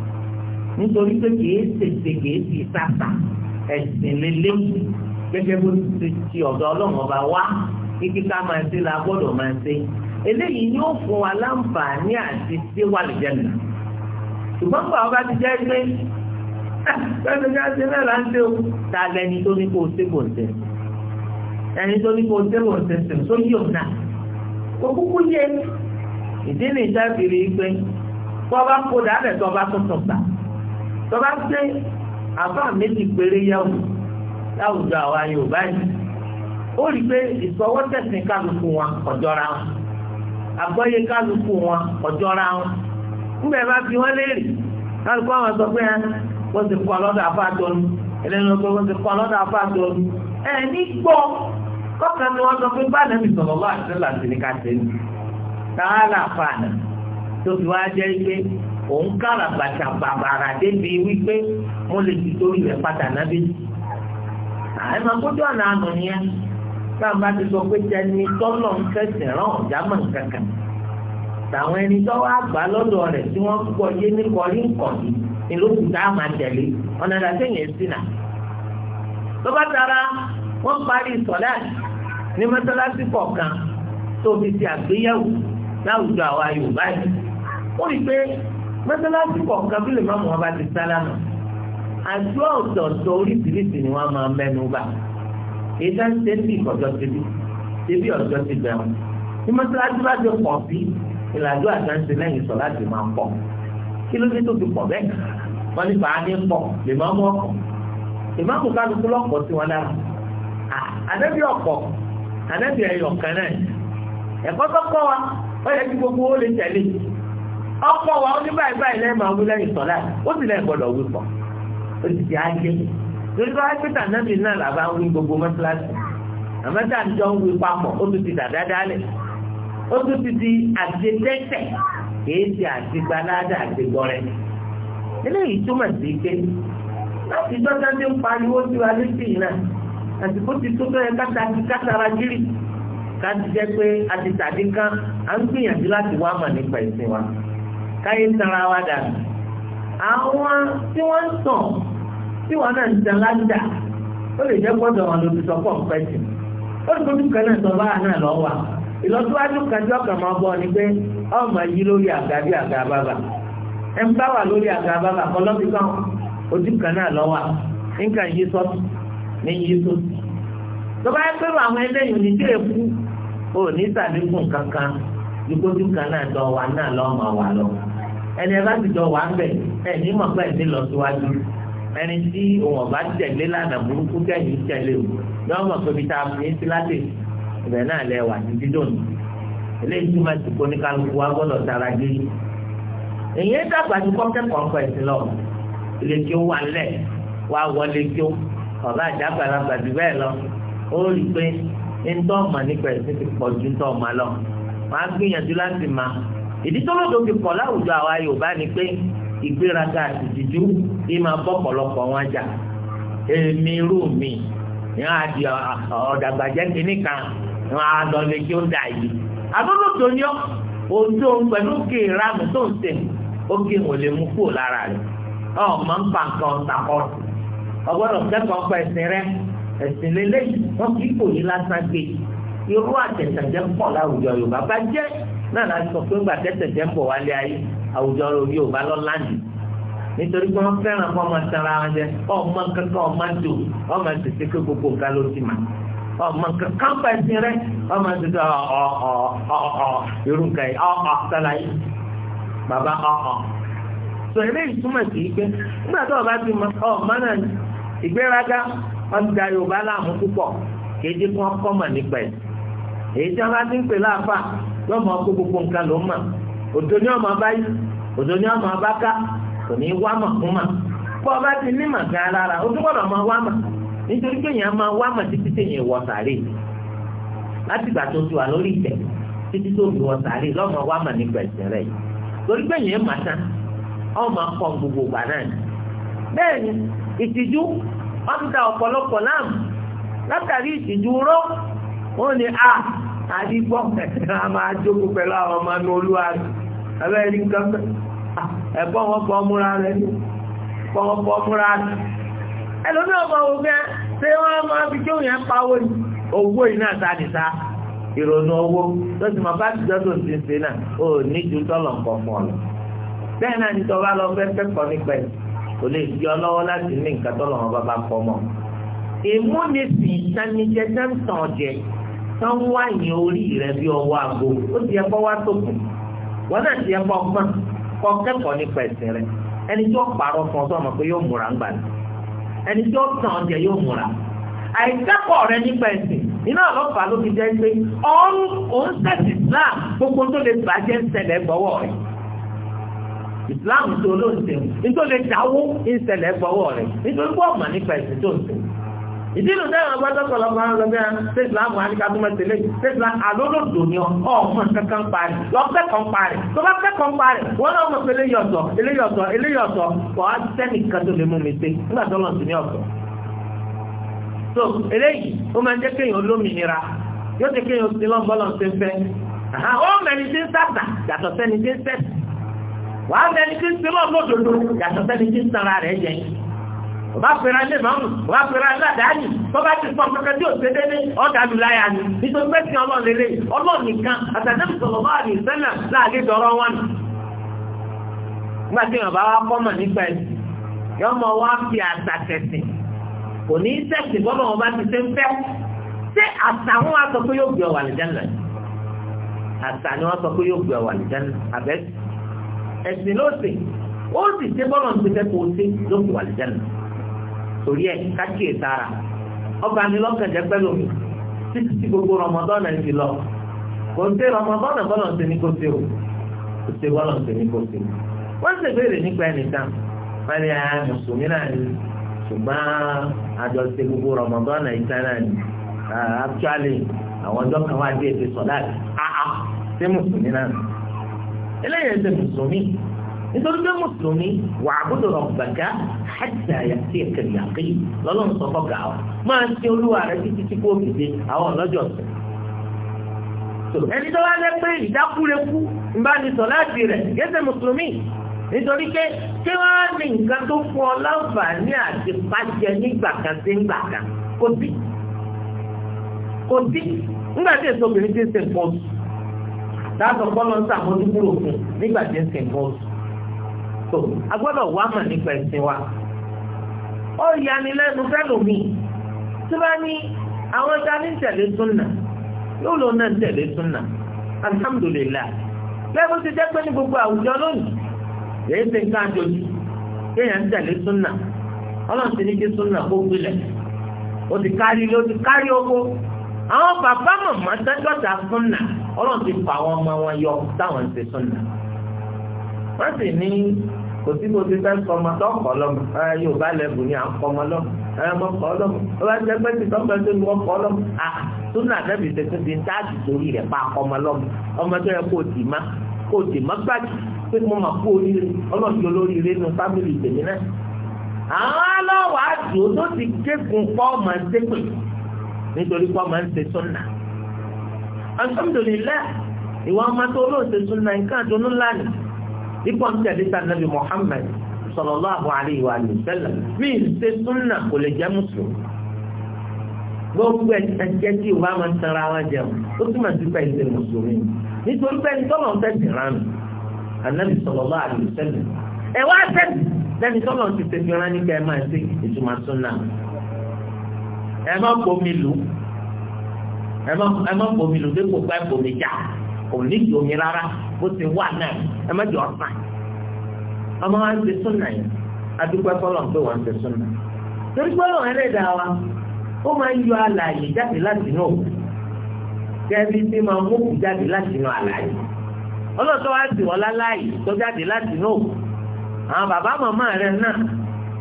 nítorí pé kìí ṣèṣe kìí ṣe sáfà ẹ̀sìn lélẹ́yìn gẹ́gẹ́ bó ti ti ọ̀dọ̀ ọlọ́run ọba wá kíkí ká máa ṣe la gbọ́dọ̀ máa ṣe eléyìí yóò fún wa láǹfààní àti ṣé wà lè jẹun ṣùgbọ́n bá ọba ti jẹ́ pé pẹ́ẹ́nì ah, ká ṣe náà là ń ṣe o ta lẹni tó ní kó o ṣe kò ṣe ẹni tó ní kó o ṣe kò ṣe ṣe tó yí òun náà kò kúkú yẹ ìdí nìjáde rí i pé tọ́ba kó dàálẹ̀ tọ́ba tó sọ̀gbà tó bá gbé àbá méjì péré yẹ̀wò láwùjọ àwa Yorùbá yìí ó rí i pé ìsọwọ́ tẹ̀sìn kálukú wọn ọ̀jọ́ra wọn àgbọ́yé kálukú wọn ọ̀jọ́ra wọn nígbà bá fi wọ́n léèrè kálukú àwọn sọ pé wọ́n ti kọ́ lọ́dọ̀ afá tóni ẹlẹ́nu pé wọ́n ti kọ́ lọ́dọ̀ afá tóni ẹ̀ ní gbọ́ kọ́kàn ni wọ́n sọ pé báyìí mi sọ̀rọ̀ lọ́wọ́ àti láti ní ká ṣe tààlà fàánà tó fi wá jẹ́ ike òun kára bàtà bàbàrà débi wípé mo lè ti torí rẹ̀ padà nábì. àìmọ̀ kójú àná àná nìyẹn táwọn bá ti sọ pé tẹni tọ́lọ̀ ń fẹsẹ̀ rán ọ̀já mọ̀ kankan. tàwọn ẹni tó wá gbà lọ́dọ̀ rẹ̀ tí wọ́n gbọ́ yé ní kọrí nkọ̀dí ni ló kù tá a máa tẹ̀lé ọ̀nà ìdásẹ́yìn ẹ̀sìn náà. tó bá tara wọ́n parí sọ̀lá ní mọ́tálásí kọ̀ọ̀kan tó fi ti àgbéyẹ̀wò láwùjọ àwa Yorùbá mọ́sálásí kọ̀ọ̀kan bí lè má mú wọn bá ti sálámà àjọ ọ̀tọ̀ọ̀tọ̀ oríṣiríṣi ni wọ́n máa mẹ́nu bà ìdá ń ṣe bí ọjọ́ ti bí ṣebí ọjọ́ ti bẹ̀rù ní mọ́sálásí bá jọ pọ̀ sí ìlàjọ àdáńṣe lẹ́yìn sọ láti máa pọ̀ kí ló dé tó fi pọ̀ bẹ́ẹ̀ wọ́n ní fàánì pọ̀ lè má mú ọkọ̀ lè má mú kálukú lọ́pọ̀ sí wọn lára àdẹ́bí ọ̀pọ̀ àdẹ́bí ẹ̀yọ̀ kan náà ẹ̀kọ́ tó kọ́ wa ó yẹ kí gbogbo ó lè tẹ̀lé ọkọ̀ wa ní báyìí báyìí lẹ́mọ̀ àwọn lẹ́yìn sọ́lá ó sì lẹ́yìn gbọ́dọ̀ wí pọ̀ gbogbo mọ́tíláṣí àmọ́tà jọ ń wí papọ̀ ó tún ti dàdá dálẹ̀ ó tún ti di àdédẹ́tẹ̀ kìí ti àdégbáládà eléyìí túmọ̀ sí pé láti ń pariwo sí wa náà ti tó káta ti kátara ká ti pé àti tàdí kan à ń gbìyànjú láti káyé ń tanra wa dànù àwọn tí wọ́n sàn tí wọ́n náà ń ó lè jẹ́ gbọ́dọ̀ wọn sọ pọ̀ ó lè fojú kan náà sọ báyà náà lọ́ wà ìlọsíwájú kan máa bọ̀ ni pé lórí àga bí àga bàbà ń bá wà lórí àga bàbà kan lọ́bí kan ojú kan náà lọ́ wà nǹkan sọ́tù ní sọ́tù tó bá yẹ pé àwọn ẹlẹ́yìn ní tí èkú ò ní kankan kan náà wà náà lọ́ wà ẹni ẹ bá ti jọ wà ń bẹ̀ ẹni mọ̀ pé ẹni lọ síwájú ẹni tí òun ọ̀bá tẹ̀lé lánàá burúkú kẹ́yìn tẹ̀lé o yọ ọmọ pé bí táà fi ń sí láti ibẹ̀ náà lẹ wà ní dídò ní eléyìí tí ma ti kó ní kálukú wa gbọ́dọ̀ tara dé èyí ń dàgbà ju kọ́kẹ́kọ̀ọ́ pẹ̀sì lọ ilé tí ó wà lẹ̀ wá wọlé tí ó ọ̀bá àjàgbàlagbà jù bẹ́ẹ̀ lọ ó rí pé ń tọ́ ọ̀mà nípa ẹ̀sìn ti pọ̀ ju ń tọ́ ọ̀mà lọ wọ́n á gbìyànjú láti máa ìdí tó lódò fi pọ̀ láwùjọ àwa Yorùbá ni pé ìgbéraga àti ìtìjú ni máa bọ́ pọ̀lọpọ̀ wọn jà èmi rú mi ní wọn á di ọ̀dàgbàjẹ́ kínní kan ní wọn á lọ lè kí ó dà yìí àbúrò ni ọ́ ojú òun pẹ̀lú òkè ìranù tó ń sè ókè ò lè mú kúrò lára rẹ̀ ọ̀ máa ń pa nǹkan ọ̀tàkọ́ ọgbọ́dọ̀ kẹ́kọ̀ọ́ pa ẹ̀sìn rẹ̀ ẹ̀sìn lélẹ́yìn wọn kì í kò ní lásán gbé irú àtẹ̀sàjẹ́ pọ̀ láwùjọ Yorùbá bá jẹ́ náà la sọ pé ńgbà tẹ́tẹ̀ jẹ́ ń bọ̀ wálé ayé àwùjọ Yorùbá lọ́láǹdì nítorí pé wọ́n fẹ́ràn kó ọmọ sara wọn jẹ ọmọ kankan ọmọ dùn ọmọ tètè kó gbogbo nǹkan ló ti mà ọmọ kankan pẹ̀sìn rẹ ọmọ ọ ọ ọ ọ irú ọ ọ yìí bàbá ọ ọ. sọ sí nígbà tó o bá ti ọ ìgbéraga ọjà Yorùbá púpọ̀ kéde mọ̀ nípa ẹ̀ èyí tí wọ́n lọ máa kó gbogbo nǹkan ló ń mà ni ọmọ bá yí òdo ni ọmọ abaka ká kò ní wá mà fún ọba ti ní màgá lára ó tún gbọ́dọ̀ máa wá mà nítorí pé èèyàn máa wá títí wọ sàárè láti gbà tó ti wà ọmọ kọ gbogbo gbà náà bẹ́ẹ̀ ni ìtìjú a àdígbọ́ a máa jókòó pẹ̀lú àwọn ọmọ ní olúwa ẹgbẹ́ rí nǹkan pẹ̀ ẹ̀bọ́n wọn bọ́ múra rẹ̀ ní bọ́ wọn bọ́ múra rẹ̀ ẹlòmí ọmọ òfin ṣé wọ́n máa fi kí òyìn pawó owó iná sáàdìsá ìrònú owó tó sì máa bá tìjọ́ tó ti ṣe náà ó ní ju tọ́lọ̀ nǹkan fún ọ lọ bẹ́ẹ̀ náà ní tọ́ba lọ fẹ́ kẹ́kọ̀ọ́ nípa ẹ̀ kò lè fi ọ lọ́wọ́ láti ní nǹkan tán wá yẹn orí rẹ bí ọwọ́ aago ó ti ẹ̀kọ́ wá sókè wọ́n náà ti ẹ̀kọ́ gbọ́n kọ́ kẹ́kọ̀ọ́ nípa ẹ̀sìn rẹ ẹni tí ó pààrọ̀ fún ọ tó ọmọ pé yóò múra ń gbà ní ẹni tí ó tàn ọjà yóò múra àìkẹ́kọ̀ọ́ rẹ nípa ẹ̀sìn iná ọlọ́pàá ló fi jẹ́ pé ọ̀run òun sẹ́sì Islam gbogbo tó lè bàjẹ́ ń gbọ́wọ́ rẹ̀ Islam tó ló ń sẹ́wọ̀n nítorí dáwó ń ṣẹlẹ̀ gbọ́wọ́ rẹ̀ nítorí bọ́ọ̀mà nípa ẹ̀sìn tó ń sẹ́wọ̀n ìdílù dáhùn agbádọ́ kọlọ́gbọ́n ń lọ́gbẹ́ ṣé ìsìláàmù àníkàtúmọ̀ tẹ̀lé ṣé ìsìláàmù àlólòdò ni ọmọ kankan parí lọ́kẹ́kọ̀ọ́ parí tó bá kẹ́kọ̀ọ́ parí wọ́n náà mọ̀ pé eléyìí ọ̀tọ̀ eléyìí ọ̀tọ̀ eléyìí ọ̀tọ̀ kọ́ á sẹ́nì kan tó lè mú mi pé nígbà tó lọ́n sí ní ọ̀tọ̀. so eléyìí ó máa ń jẹ́ kéèyàn olómìnira yóò jẹ́ kéèyàn sí lọ́nbọ́lọ́ ṣe fẹ́ ó mẹ́ni tí ń sàtà yàtọ̀ sẹ́ni tí ń sẹ́sì wàá mẹ́ni tí ń sinmi ọ̀gbọ́dọ̀dọ̀ yàtọ̀ sẹ́ni tí ń sanra rẹ̀ jẹ́ ọba pẹ̀rẹ̀ alẹ́ mọ́mù ọba pẹ̀rẹ̀ aládàáni tó bá ti pọ̀ kankan tí ò ṣe dédé ọ̀dàlù láyà ni nítorí pé tí ọlọ́run lélẹ̀ ọlọ́run nìkan àtàdébù sọ̀rọ̀ bá àdì sẹ́nà láàlẹ́ dọ̀rọ̀ wọn. nígbà tí wọn bá wá kọ́mọ̀ nípa ẹ̀ yọ ọmọ wa fi àṣà tẹ̀sì kò ní sẹ́ẹ̀sì bọ́lọ̀ wọn bá ti ṣe ń fẹ́ ṣé àṣà wọn wá sọ pé yóò gbé ọwà àlìjáná àṣà ni wọn sọ pé yóò gbé ọwà àlìjáná àbẹ́sì ẹ̀sìn ló sè ó sì ṣe bọ́lọ̀ ń ṣe fẹ́ kó o ṣe ló gbé ọwà àlìjáná torí ẹ̀ káàkiri ìtara ọba mi lọ́kàn jẹ́ pẹ́lú mi títí tí gbogbo rọmọdọ́nà ti lọ kò ń tẹ rọmọdọ́nà bọ́lọ̀ ń tẹ ní kò tẹ o kò tẹ bọ́lọ̀ ń tẹ ní kò tẹ o wọ́n sì béèrè nípa ẹnì kan wọ́n ní ah, mùsùlùmí náà ni ṣùgbọ́n àjọ ṣe gbogbo rọmọdọ́nà ìta náà ni ah, actually àwọn ọjọ́ kan wá dé ètò sọ̀dá àá ṣé mùsùlùmí náà ni eléyìí ṣe mùsùlùmí nítorí pé mùsùlùmí wà àbúdò ọ̀gbàgá hàtà yàtí ẹ̀kẹ́ yàkí lọ́lọ́run sọ fọ́gà ọ́ máa ń ṣe olúwa rẹ títí tí kò fìdí àwọn ọlọ́jọ́ sọ. ẹni tó wá lẹ pé ìdákúrekú ìbánisọ̀ láti rẹ̀ gẹ́sẹ̀ mùsùlùmí nítorí pé tí wọ́n á ní nǹkan tó fún ọ láǹfààní àti pàjẹ nígbà kan sí kan kò sí kò sí nígbà tí èso obìnrin ti ń sìn a wá ó yanilẹ́nu fẹ́lòmí tí bá ní àwọn ẹja ní tẹ̀lé súnà yóò lò náà tẹ̀lé súnà alhamdulillah lẹ́gbẹ́ ti jẹ́ pé ní gbogbo àwùjọ lónìí èyí ti ń ká àjòjì kéèyàn ń tẹ̀lé súnà ọlọ́run ti ní kí súnà kó gbilẹ̀ ó ti kárí ló ti kárí owó àwọn bàbá màmá tẹ́jọ́ta súnà ọlọ́run ti fà àwọn ọmọ wọn yọ táwọn ń ṣe súnà wọ́n sì ní kò sí mo ti fẹ́ kọ́mọ lọ́kọ̀ lọ́mọ ẹ yóò bá lẹ́bùn ní à ń kọ́mọ lọ́mọ ẹ mọ kọ́ lọ́mọ ẹ bá jẹ́ pẹ́ẹ́sì tọ́pẹ́ tó ní wọ́n kọ́ lọ́mọ à tó nà dẹ́bi tètè di táàtì torí rẹ̀ pa kọ́mọ lọ́mọ ọmọ tó yẹ kó o tì má kó o tì má gbàgbé pé mo mà kó oríire ọlọ́ọ̀dì olóríire nu fámìlì tèmi náà. àwọn aláwọ̀ àdùn tó ti kékun pọ́ máa ń ṣépè nítorí pọ́ máa ń ṣe súnà. alhamdulillah ìwà ọmọ tó olóòṣè súnà nǹkan àdùnnú lánàá ipò ń tẹ̀lé ta nàbì Muhammad sallallahu alaihi wa sallam bí n ṣe súnà kò lè jẹ́ mùsùlùmí gbogbo ẹ̀jẹ̀ tí o bá máa ń tanra wọn jẹun ó túmọ̀ sí pé ìṣe mùsùlùmí nítorí pé ní tọ́lọ̀ ń tẹ̀sí ránù ànábì sallallahu alaihi wa sallam ẹ̀ wá tẹ̀sí lẹ́ni tọ́lọ̀ ti tẹ̀sí ránù kẹ́ ẹ máa ṣe ìtumọ̀ kò ní ìdí omi rárá bó ti wà náà ẹ má jẹ ọ̀sán ọmọ wa ń ṣe súnà yẹn adúgbò fọlọ́n pé wọ́n ń ṣe súnà torí pé ọ̀rọ̀ ẹlẹ́dàá wa ó máa ń yọ alààyè jáde láti inú òkú kẹ́bí tí máa mú òkú jáde láti inú alààyè ọlọ́tọ́ wa sì wọ́n láláàyè tó jáde láti inú òkú àwọn bàbá màmá rẹ̀ náà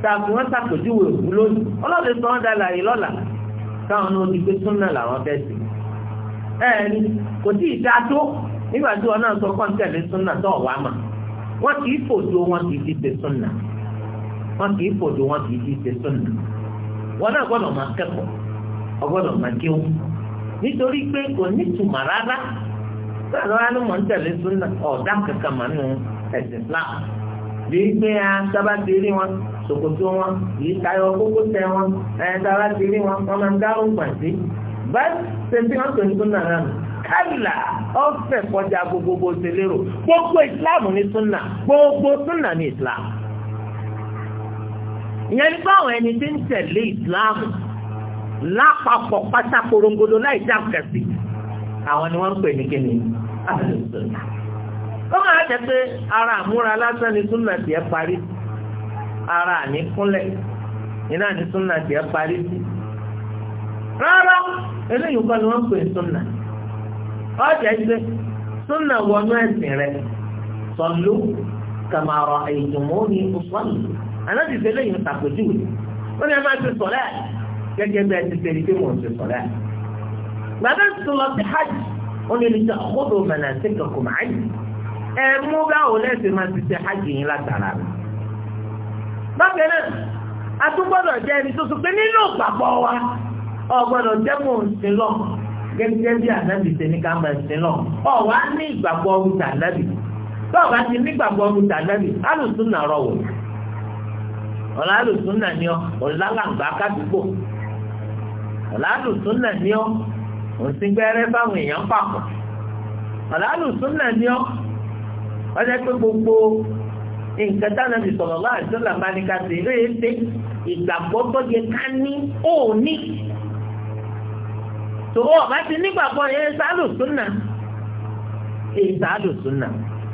tàbí wọ́n ṣàpèjúwe òkú lónìí ọlọ́dẹ sọ wọ́n dá alààyè lọ́la táwọn náà ti gbé súnà làwọn fẹ́ sí ẹ̀ẹ́ni kò tí ì dá tó nígbà tí wọn náà sọ kọ́ńtẹ̀lẹ́ súnà tó mà wọ́n kì í fòdó wọn kì í ti ṣe súnà wọ́n kì í fòdó wọn kì í ti ṣe súnà wọn náà gbọ́dọ̀ máa kẹ́kọ̀ọ́ máa nítorí pé kò ní rárá sọ̀rọ̀ súnà ọ̀dà ẹ̀sìn pé a sábà ti rí wọn báyìí tẹ̀sí wọn tó ní súnà náà kálà ọ̀fẹ́ kọjá gbogbogbò tẹlẹ́rò gbogbo ìsìláàmù ní súnà gbogbo súnà ní ìsìláàmù. ìyẹn ní báwọn ẹni tí ń tẹ̀lé ìsìláàmù lápapọ̀ pátákorongodo láì jákèsí àwọn ni wọ́n ń pè ní kíni ó máa jẹ́ pé ara àmúra lásán ni súnà tiẹ̀ parí ara àníkúnlẹ̀ iná ni súnà tiẹ̀ parí sí rárá eléyìí kọ́ ni wọ́n ń pè súnà ọjà ìgbé súnà wọnú ẹ̀sìn rẹ̀ sọ̀lú kàmàrọ̀ ètùmọ́ ní ọ̀sán anábì fẹ́lẹ́ yìí ń tàpéjúwe ó ní ẹ máa ti sọ̀rẹ́ gẹ́gẹ́ bí ẹ ti ṣe ìdí wọn ti sọ̀rẹ́ gbàgbé tó lọ sí hajj ó ní lè ta ọkọ̀dọ̀ manasikakum hajj ẹ mú báwo lẹ́sìn máa ti ṣe hajj yín látara rẹ̀ bákan náà a tún gbọ́dọ̀ jẹ́ ẹni tó sọ pé nínú ìgbàgbọ́ wa ọgbọ́dọ̀ jẹ́kùn sílọ̀ gẹ́gẹ́ bí ànábì ṣe ní ká máa ka ọ̀wá ní ìgbàgbọ́ ọ̀rùtà ànábì ti ní ìgbàgbọ́ alùsùn náà ọ̀là alùsùn náà ni ọ ọ̀là kádùúgbò ọ̀là alùsùn náà ni ọ òsíngbẹ́rẹ́ báwọn èèyàn pàpọ̀ ọ̀là alùsùn náà ni ọ ọjọ́ pé gbogbo nǹkan sọ̀rọ̀ ní ká ṣe ṣe ìgbàgbọ́ tó tòwọ́ ọ̀bá ti nígbàgbọ́ yẹn sáàlù súnà èyí sáàlù súnà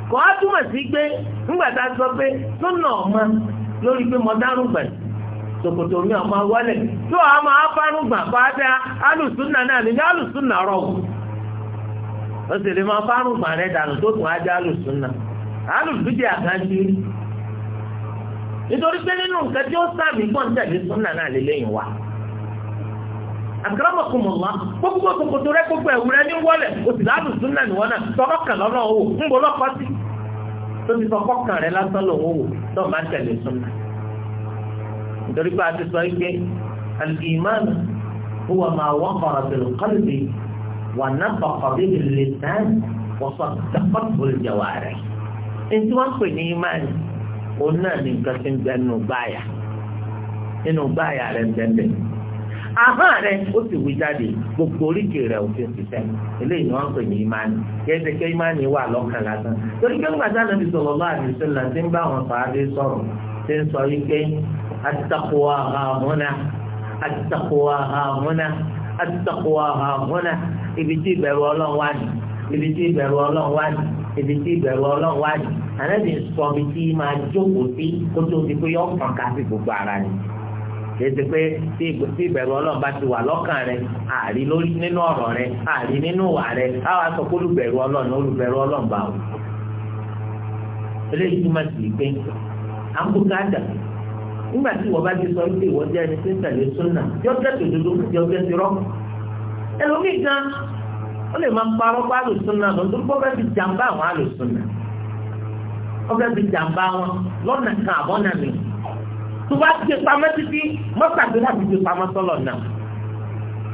kò á túmọ̀ sí pé ńgbà a sọ pé súnà ọ̀mọ lórí pé mo dárùn gbà tòkòtò mi ọmọ wọlé tó a máa fárùn gbà náà ó sì lè máa gbà rẹ dànù tó tún á jẹ nítorí pé nínú nǹkan tí ó àkàràmọ̀kùnmọ̀lá gbogbo kòkò tó rẹ gbogbo ẹ̀wúrẹ́ ní wọlẹ̀ òsì láàlù súnà níwọ̀n náà tọ́kàn lọ́nà owó ń bo lọ́pọ̀ sí tó ti sọ kọ́kàn rẹ lásán lòun owó tó máa ń tẹ̀lé súnà nítorí pé a ti sọ pé al-iman huwa ma waqara bil-qalbi wa nafaqa bihi al-lisan wa saddaqathu al-jawarih ẹni wọ́n pè ní imáàni òun náà ní nǹkan tí ń bẹ nínú gbáàyà nínú gbáàyà rẹ̀ ń bẹ́ẹ̀ ahọ́n rẹ ó sì wí jáde gbogbo oríkèé rẹ ò fi ṣiṣẹ́ eléyìí ni wọ́n ń pè ní ìmánì kẹ́sẹ̀ kẹ́ ìmánì wà lọ́kàn lásán torí pé ńgbà sáà nàbì sọ̀rọ̀ bá àdìsẹ́ là ti ń bá àwọn fàádé sọ̀rọ̀ ti ń sọ wípé àtàkùwà àmúna àtàkùwà àmúna àtàkùwà àmúna ibi tí ìbẹ̀rù ọlọ́run wà ní ibi tí ìbẹ̀rù ọlọ́run wà ní ibi tí ìbẹ̀rù ọlọ́run wà ní kìí ṣe pé tí ìbẹ̀rù ọlọ́run bá ti wà lọ́kàn rẹ àrí lórí nínú ọ̀rọ̀ rẹ àrí nínú wà rẹ káwá sọ pé olùbẹ̀rù ọlọ́run olùbẹ̀rù ọlọ́run bá wò. eléyìí túmọ̀ sí pé àbúkádà nígbà tí ìwọ bá ti sọ wípé ìwọ jẹ́ ẹni tí ń tẹ̀lé súnà yọ kẹ́tù dúdú yọ kẹ́tù rọ́ ẹlòmíì gan ó lè máa parọ́ pa àlùsúnà lọ tó gbọ́dọ̀ fi jàǹbá àwọn àlùsúnà ó fẹ́ fi jàǹbá wọn lọ́nà kan àbọ́nà mìíràn tó bá gbé pamọ́ títí mọ́tàgbé láti gbé pamọ́ sọ́lọ̀ náà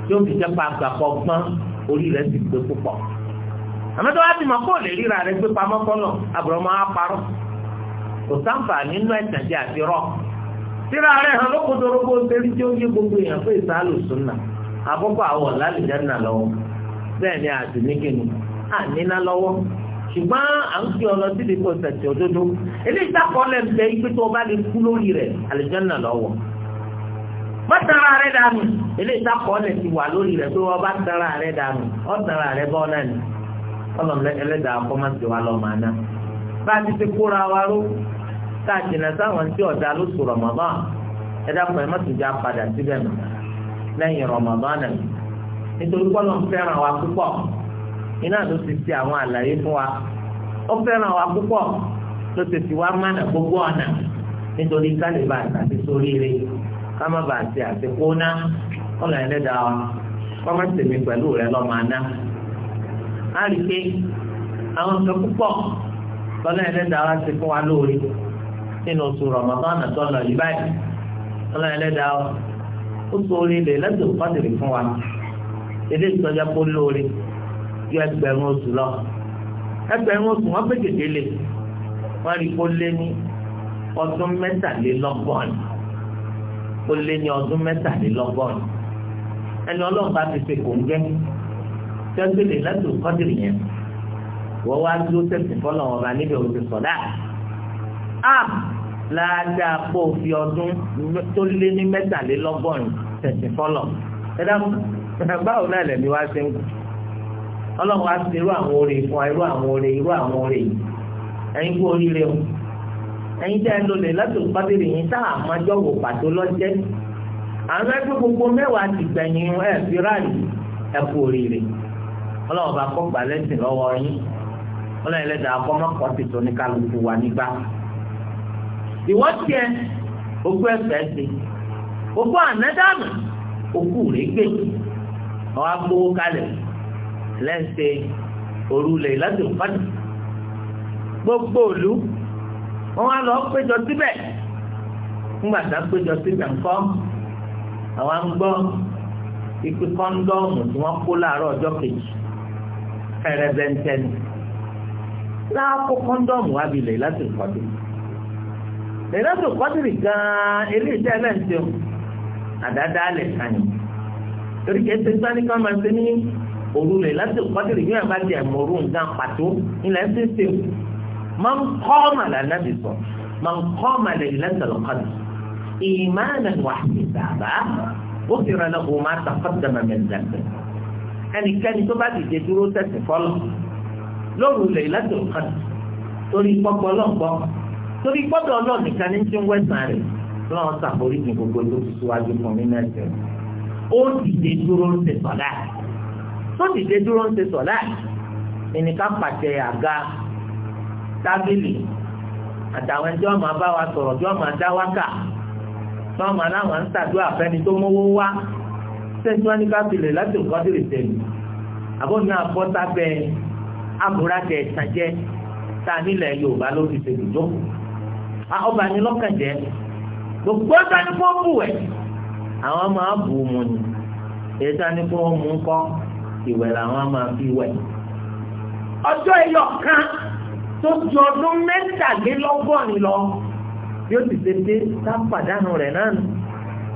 yóò fi jẹ́ pa àgbàpọ̀ gbọ́n orí rẹ̀ gbé púpọ̀ ti mọ̀ kó lè ríra rẹ̀ gbé sọ́lọ̀ kò sáǹfà nínú rọ̀ síra rẹ̀ hàn lókòdórógbó tí ó yé gbogbo èèyàn fún ìsàlù súnà ṣùgbọ́n à ń fi ọ̀rọ̀ sí ìdíkọ̀ ìṣẹ̀tì òdodo eléyìí sàkọọ́lẹ̀ ń bẹ ipe tó bá lè kú lórí rẹ̀ àlùjánnà lọ́wọ́ má tara rẹ̀ dànù eléyìí sàkọọ́lẹ̀ ti wà lórí rẹ̀ tó wọ́n bá tara rẹ̀ dànù ọ́ tara rẹ̀ bọ́ náà ni ọlọ́m ẹlẹ́dàá kọ́ má ti wà lọ́ màá ná bá a ti ti kóra wa ró tá a sáwọn tí ọ̀dà ló sọ Ramadan ẹ iná ló ti ṣe àwọn àlàyé fún wa ó fẹ́ràn wa púpọ̀ ló ti wá gbogbo ọ̀nà nítorí kálíbà àti sóríire ká má bàa ná ọ̀nà ẹlẹ́dàá wa kọ́má tèmi pẹ̀lú rẹ lọ́ máa a rí i pé àwọn nǹkan púpọ̀ lọ́nà ẹlẹ́dàá wa ti fún wa lóore nínú oṣù àtọ́nà yìí báyìí lọ́nà ẹlẹ́dàá wa ó sọ orí ilẹ̀ lẹ́sìn fún wa ilé ju ẹgbẹ̀rún oṣù lọ ẹgbẹ̀rún oṣù wọn pé kéde lè wọn rí kó lé ní ọdún mẹ́tàlélọ́gọ́rin ó lé ní ọdún mẹ́tàlélọ́gọ́rin ẹni ọlọ́pàá ti ṣe kòńgẹ́ tẹ́gbẹ́lẹ̀ láti kọ́dìrì yẹn wọ́n wá dúró tẹ̀sí fọ́lọ̀ ọ̀rọ̀ níbẹ̀ òsì sọ̀dá á ah! ládàá pò fi ọdún tó lé ní mẹ́tàlélọ́gọ́rin tẹ̀sí fọ́lọ̀ ẹ dákun (laughs) báwo náà lẹ́mi wá ṣe ń ọlọ́run á ti irú àwọn oore fún wa irú àwọn oore irú àwọn oore yìí ẹ̀yin kú oríire o ẹ̀yin tẹ́ ẹ lọlẹ̀ láti òpàdérè yín tá àmọ́jọ́ wò pàtó lọ́jẹ́ àwọn ẹgbẹ́ gbogbo mẹ́wàá ti gbẹ̀yìn ẹ̀ fi ráàlì ẹ̀ kú oríire ọlọ́run bá kọ́ gbà lẹ́sìn lọ́wọ́ yín ọlọ́run ẹlẹ́dàá akọ́mọ́kọ́ ti tó ní kálukú wa nígbà ìwọ́ tiẹ̀ ẹ̀fẹ́ ti ogún ànádàmì ogún rẹ̀ gbèsè ọ̀ lẹ́sẹ̀ òrùlẹ̀ láti òfàdì gbogbo òlu wọ́n wá lọ péjọ síbẹ̀ ńgbàdá péjọ síbẹ̀ ńkọ́ àwọn ń gbọ́ ipe kọ́ńdọ́ọ̀mù tí wọ́n kó láàárọ̀ ọjọ́ kejì fẹ̀rẹ̀bẹ̀ntẹ́ni láàkó kọ́ńdọ́ọ̀mù wá bilẹ̀ láti ìkọ́dé lẹ́lẹ́tò kọ́dìrì gan-an eléyìí tẹ́ ẹlẹ́ǹtẹ́ o àdádálẹ̀ kan yìí torí kẹ́sẹ̀ sáníkà máa ń ṣe ní òru lè láti kọ́dìrì bí wọ́n bá ti ẹ̀mọ́ òru nǹkan pàtó ilẹ̀ ń sèse máa ń kọ́ ọ̀mà lànà bì sọ máa ń kọ́ ọ̀mà lẹ́yìn lẹ́sẹ̀lẹ̀ kọ́dì ìmáàlà wà ìdàbà ó fi rẹ̀ lọ́kùn máa tàkọ́dàmà mẹ́tẹ̀ẹ̀tẹ̀ ẹnikẹ́ni tó bá dìde dúró tẹ̀sí fọ́lọ́ lóru lè láti kọ́dì torí pọ́pọ́ lọ́pọ́ torí pọ́pọ́ ọlọ́ọ̀nìkan ní ti ń wẹ́sàn lọ́wọ́ sàforí ní gbogbo tó ti síwájú fún mi náà jẹ́ ó dìde dúró tẹ̀sọ́lá tó dìde dúró ń ṣe sọ̀lá ẹnìkan pàtẹ àga tábìlì àtàwọn ẹni tí wọ́n máa bá wa sọ̀rọ̀ tí wọ́n máa dá wákà tí wọ́n máa láwọn ń ṣàdúrà fẹ́ni tó mówó wá sẹ́ńtì wọn ní ká filẹ̀ láti nǹkan tó lè tẹ̀lé àbọ̀ náà bọ́ sábẹ́ abúradẹ̀ ìtànjẹ́ tá a nílẹ̀ Yorùbá ló fi ṣèlú tó ọba ni lọ́kàn jẹ́ gbogbo ọ̀tá ni kò bù ẹ̀ àwọn máa bù ú mu ni èyí tá mú kọ́ ìwẹ̀ làwọn máa fi wẹ̀. ọjọ́ ẹyọ kan tó ju ọdún mẹ́tàlélọ́gọ́rin lọ bí ó sì ṣe dé sápàdánù rẹ̀ náà nù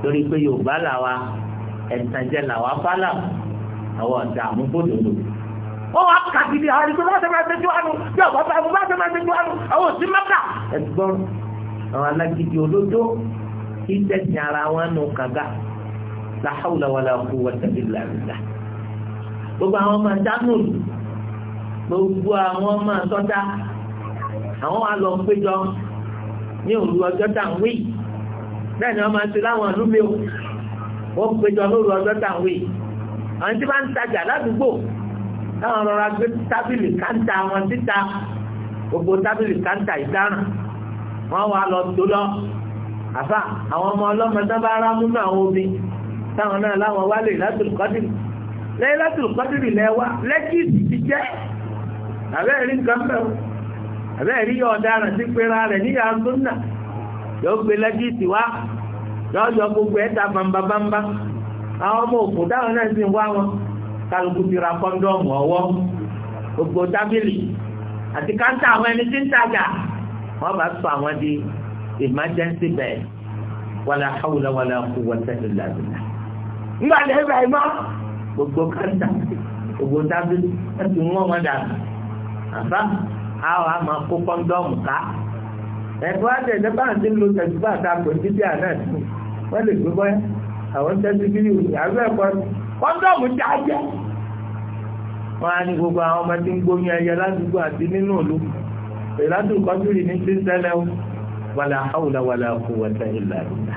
torí pé yorùbá làwa ẹ̀tànjẹ làwa fálà àwọn ọ̀dà àmúbòdòdò. ó wàá kàkiri àwọn ìgbésẹ̀ bá ṣe máa ṣe ju àánú bí ọ̀bá bá ṣe máa ṣe ju àánú àwọn òsì mọ́tà. ẹ̀gbọ́n àwọn alágídí olódó kí tẹ̀sìn ara wọn nù kàga la hawla wala quwwata illa billah gbogbo àwọn ọmọ dánùlù gbogbo àwọn ọmọ sọ́dá àwọn wa lọ péjọ ní òru ọjọ́ tàǹwé bẹ́ẹ̀ ni wọ́n máa ti láwọn ìlú mi ó péjọ lóru ọjọ́ tàǹwé àwọn tí wọ́n ń tajà ládùúgbò táwọn rọra gbé tábìlì káńtà wọn síta gbogbo tábìlì káńtà ìdáràn wọ́n wá lọ tó lọ àbá àwọn ọmọ ọlọ́mọ tó bá rámú náà àwọn omi táwọn náà láwọn wálé látòlùkọ́dìrì Laylatul Qadri lẹ́wà lẹ́kì ti jẹ́ àbẹ́ẹ̀rí nǹkan abe àbẹ́ẹ̀rí ọ̀daràn sí pera rẹ̀ níyà súnà yóò gbé lẹ́kì ti wá yọ gbogbo ẹ̀ta bambabamba àwọn ọmọ òkú dáhùn náà sì ń wá wọn kálukú ti ra kọ́ńdọ́ọ̀mù ọwọ́ gbogbo tábìlì àti káńtà àwọn ẹni tí ń tajà bá sọ àwọn di emergency bed lẹ́yìn báyìí mọ́. gbogbo káńtà gbogbo tábìlì ẹ̀sìn mú ọmọ dànù àbá àwọn àmà kó kọ́ńdọ́ọ̀mù ká ẹ̀fọ́ àtẹ̀jẹ́ bá ń ti lo tẹ̀síbà ta kò ní bíbí àná sí wọ́n lè gbé bọ́yá àwọn tẹ́sí bíbí àbẹ́ ẹ̀kọ́ kọ́ńdọ́ọ̀mù ti àjẹ́ wọ́n á ní gbogbo àwọn ọmọ tí ń gbóyún ẹyẹ ládùúgbò àti nínú òlu ìlàdùn kọ́júrì ní ti ń ṣẹlẹ̀ o wàlà àwùlà wàlà kò ìlà ìlà.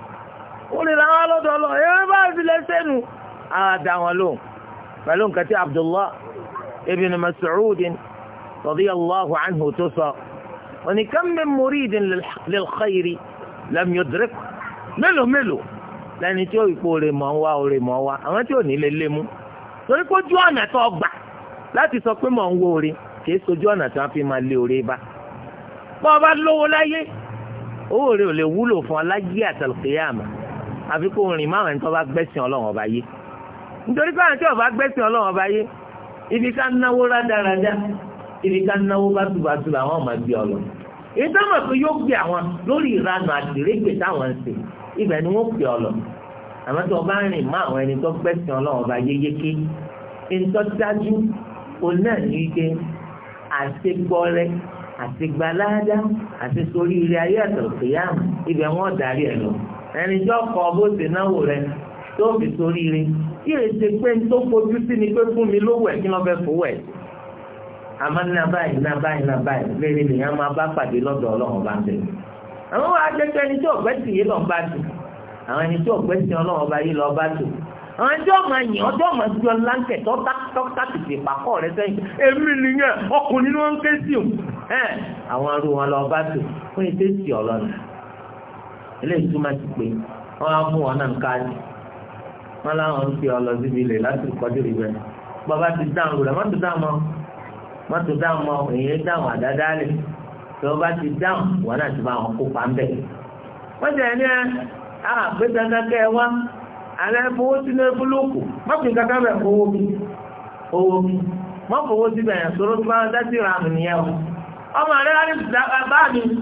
orin làwọn lọ́dọ̀ lọ èrè bá fi lè sẹ́nu àdá wọn lóhùn pẹ̀lú nǹkan tí Abdullah ibn Mas'ud radiyallahu anhu tó sọ wọ́n ní kam min muridin lil khayri lam yudrik mélòó mélòó lẹni tí ó ipò orè mọ̀ ń wá orè mọ̀ wá àwọn tí ò ní lè lé mú torí pé ojú ọ̀nà tó gbà láti sọ pé mọ̀ ń wo orè kì sojú ọ̀nà tí wọ́n fi máa lé orè bá bọ́ọ̀ bá lówó láyé owó rẹ̀ ò lè wúlò fún ọ láyé àtàlùkìyàmà àfi kó rìn máa wọn tó bá gbẹ́sìn ọlọ́run ọba yé nítorí pé àwọn tí ọba gbẹ́sìn ọlọ́run ọba yé ibi ká náwó rádaràdá ibi ká náwó bátubàtu làwọn ọmọ gbé ọ lọ èyí tó mọ̀ pé yóò gbé àwọn lórí ìranù àtìrégbè táwọn ń ṣe ibẹ̀ ni wọ́n gbé ọ lọ àmọ́ tí ọba rìn máa àwọn ẹni tó gbẹ́sìn ọlọ́run ọba yé yéké ntọ́ dájú òun náà ní ike àṣegbọ́rẹ́ àṣegbàládá àṣesorí ibẹ̀ wọ́n darí ẹ̀ lọ. ẹni tí ọkọ̀ bó ṣe náwó rẹ tó fi sórí rí kí lè ṣe pé tó fojú sí ni pé fún mi lówó ẹ̀ kí wọ́n fẹ́ fowó ẹ̀ àmọ́ ní abáyìí ní abáyìí ní abáyìí léèrè nìyẹn máa bá pàdé lọ́dọ̀ ọlọ́run bá ń bẹ̀. àwọn wa jẹ́jẹ́ ẹni tí ọ̀gbẹ́ bá tù àwọn ẹni tí o. àwọn arúgbó wọn eléyìí túmọ̀ sí pé wọ́n á mú wọn náà káàdì wọ́n láwọn ń fi ọlọ síbi ilẹ̀ láti kọjú rí bàbá ti dáhùn rẹ̀ mọ́tò dáhùn mọ́ ọ dáhùn mọ́ èyí dáhùn àdádálẹ̀ tí wọ́n bá ti dáhùn wọn náà ti bá wọn kópa ń wọ́n jẹ́ ẹni ẹ́ àgbẹ̀ dandan ẹ wá alẹ́ fowó ebúlóòkù mọ́tò bẹ̀ fowó mi mi fowó sọ̀rọ̀ tó bá dá sí ra àmì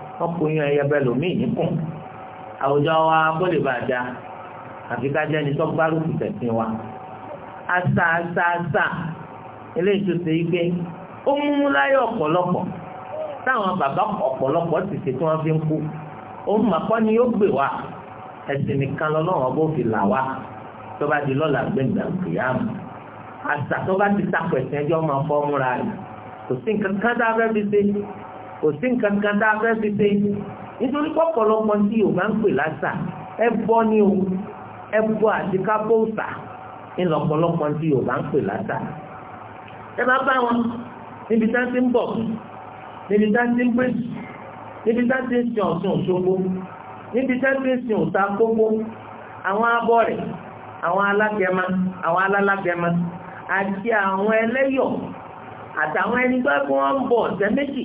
wọ́n kó yan ẹyẹ bẹ́ẹ̀ lómi ìníkùn àwùjọ wa kó lè bá a da àfi ká jẹ́ ẹni tó gbárùkù tẹ̀sìn wa àṣà àṣà àṣà eléyìí tó ṣe gbé ó mú láyé ọ̀pọ̀lọpọ̀ táwọn bàbá ọ̀pọ̀lọpọ̀ ti ṣe tí wọ́n fi ń kú òun màkọ́ ni yóò gbè wá ẹ̀sìn nìkan lọ́lọ́run bó fi là wá tó bá di lọ́la gbẹ̀ngàn kìyàmù àṣà tó bá ti takò ẹ̀sìn ẹjọ́ máa fọ́ múra rẹ̀ kò sí nǹkan kan tá a fẹ́ ṣe kò sí nǹkan kan tá a fẹ́ fi ṣe nítorí pọ̀pọ̀lọpọ̀ tí yorùbá ń pè lásà ẹbọ ni o ẹbọ àti kábọ̀ òsà ńlọpọlọpọ̀ tí yorùbá ń pè lásà ẹ bá bá wọn níbi tá a ti ń bọ̀ níbi tá a ti ń pèsè níbi tá a ti ń sin ọ̀sùn òṣogbo níbi tá a ti ń sin òta kókó àwọn abọ́ rẹ̀ àwọn alágẹmọ àwọn alálágẹmọ àti àwọn ẹlẹ́yọ̀ àtàwọn ẹni tó ẹgbẹ́ wọn bọ̀ ọ̀sẹ̀ méjì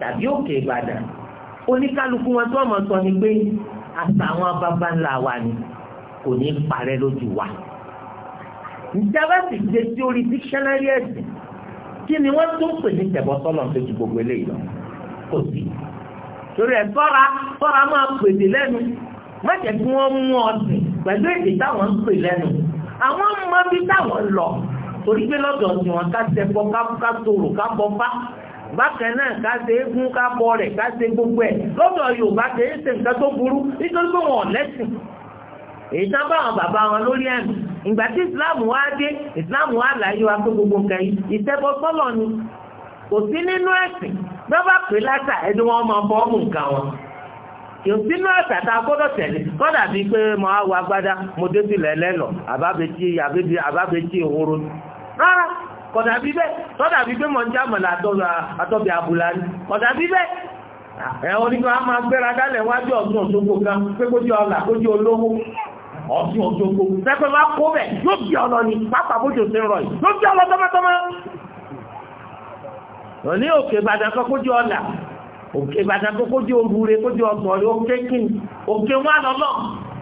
tàbí òkè ìbàdàn oníkálukú wọn tí wọ́n mọ̀ sọ ni pé àṣà àwọn bàbá ńlá wa ni kò ní parẹ́ lójú wa ìjábá sì gbé sí orí dictionary ẹ̀sìn kí ni wọ́n tún pè ní tẹ̀bọ́ sọ́lọ̀ tó ju gbogbo eléyìí lọ kò sí torí ẹ̀ sọ́ra sọ́ra máa pèdè lẹ́nu má jẹ́ kí wọ́n mú ọ̀sìn pẹ̀lú èdè táwọn ń pè lẹ́nu àwọn mọ bí táwọn lọ torí pé lọ́dọ̀ tí wọ́n ká tẹ̀bọ́ ká tòrò ká bọ́ bá bákan náà ká ṣe égún ká bọ rẹ̀ ká ṣe gbogbo ẹ̀ lọ́dọ̀ Yorùbá ṣe é ṣe nǹkan tó burú nítorí pé wọn lẹ́sìn èyí tán bá àwọn bàbá wọn lórí ẹ̀mí ìgbà tí ìsìláàmù wá dé ìsìláàmù wá láyé wa pé gbogbo nǹkan yìí ìṣẹ́bọ sọ́lọ̀ ni kò sí nínú ẹ̀sìn bábà pé látà ẹni wọn máa bọ́ ọmú nǹkan wọn kò sí nínú ẹ̀sà tá a gbọ́dọ̀ tẹ̀lé kọ́dà bíi pé mo á wọ agbádá mo dé sílẹ̀ lẹ́lọ̀ àbábẹ́tì àbábẹ́tì òhoro rárá kọ̀dà bí bẹ́ẹ̀ tọ́dà bí bẹ́ẹ̀ mọ̀ ń já mọ̀lá àtọ́bí àbúlá ní kọ̀dà bí bẹ́ẹ̀ ẹ̀wọ́n ní ká máa gbéra dálẹ̀ wájú ọ̀gbìn òṣogbo kan pé kójú ọ̀là kójú olówó ọ̀gbìn òṣogbo tẹ́pẹ́ bá kó bẹ̀ yóò bí ọ̀nà ní pápá bójú sí rọ̀ yìí yóò bí ọ̀nà tọ́mọ́tọ́mọ́ òní òkè Ìbàdàn kan kójú ọ̀là òkè Ìbàdàn kan kójú òbúre kójú ọ̀gbọ̀n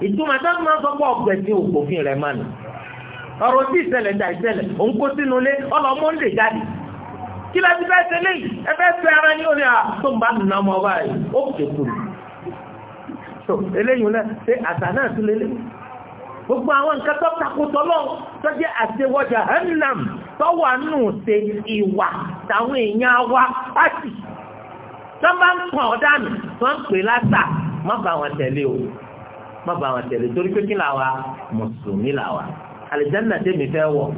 ìtumọ̀ tó máa ń sọ pé ọ̀gbẹ̀ tí òfin rẹ̀ máa nù ọ̀rọ̀ tí ìṣẹ̀lẹ̀ dà ìṣẹ̀lẹ̀ òun kó sínú ilé ọlọ́mọ ń lè jáde kí la ti fẹ́ ṣe léyìí ẹ fẹ́ fẹ́ ara ní òní ah, àtó ń bá nà ọmọ ọba rẹ̀ ó kè kúrò so eléyìí náà ṣe àṣà náà tún lélẹ̀ gbogbo àwọn nǹkan tó takòtò lọ tó jẹ́ àṣewọ́jà hannam tó wà nù ṣe ìwà táwọn èèyàn wa pàṣì tó bá ń pọ̀ ọ̀dà má bá wọn tẹ̀lé torí pé kí làwa mùsùlùmí làwa àlìjánnà tèmi fẹ́ wọ̀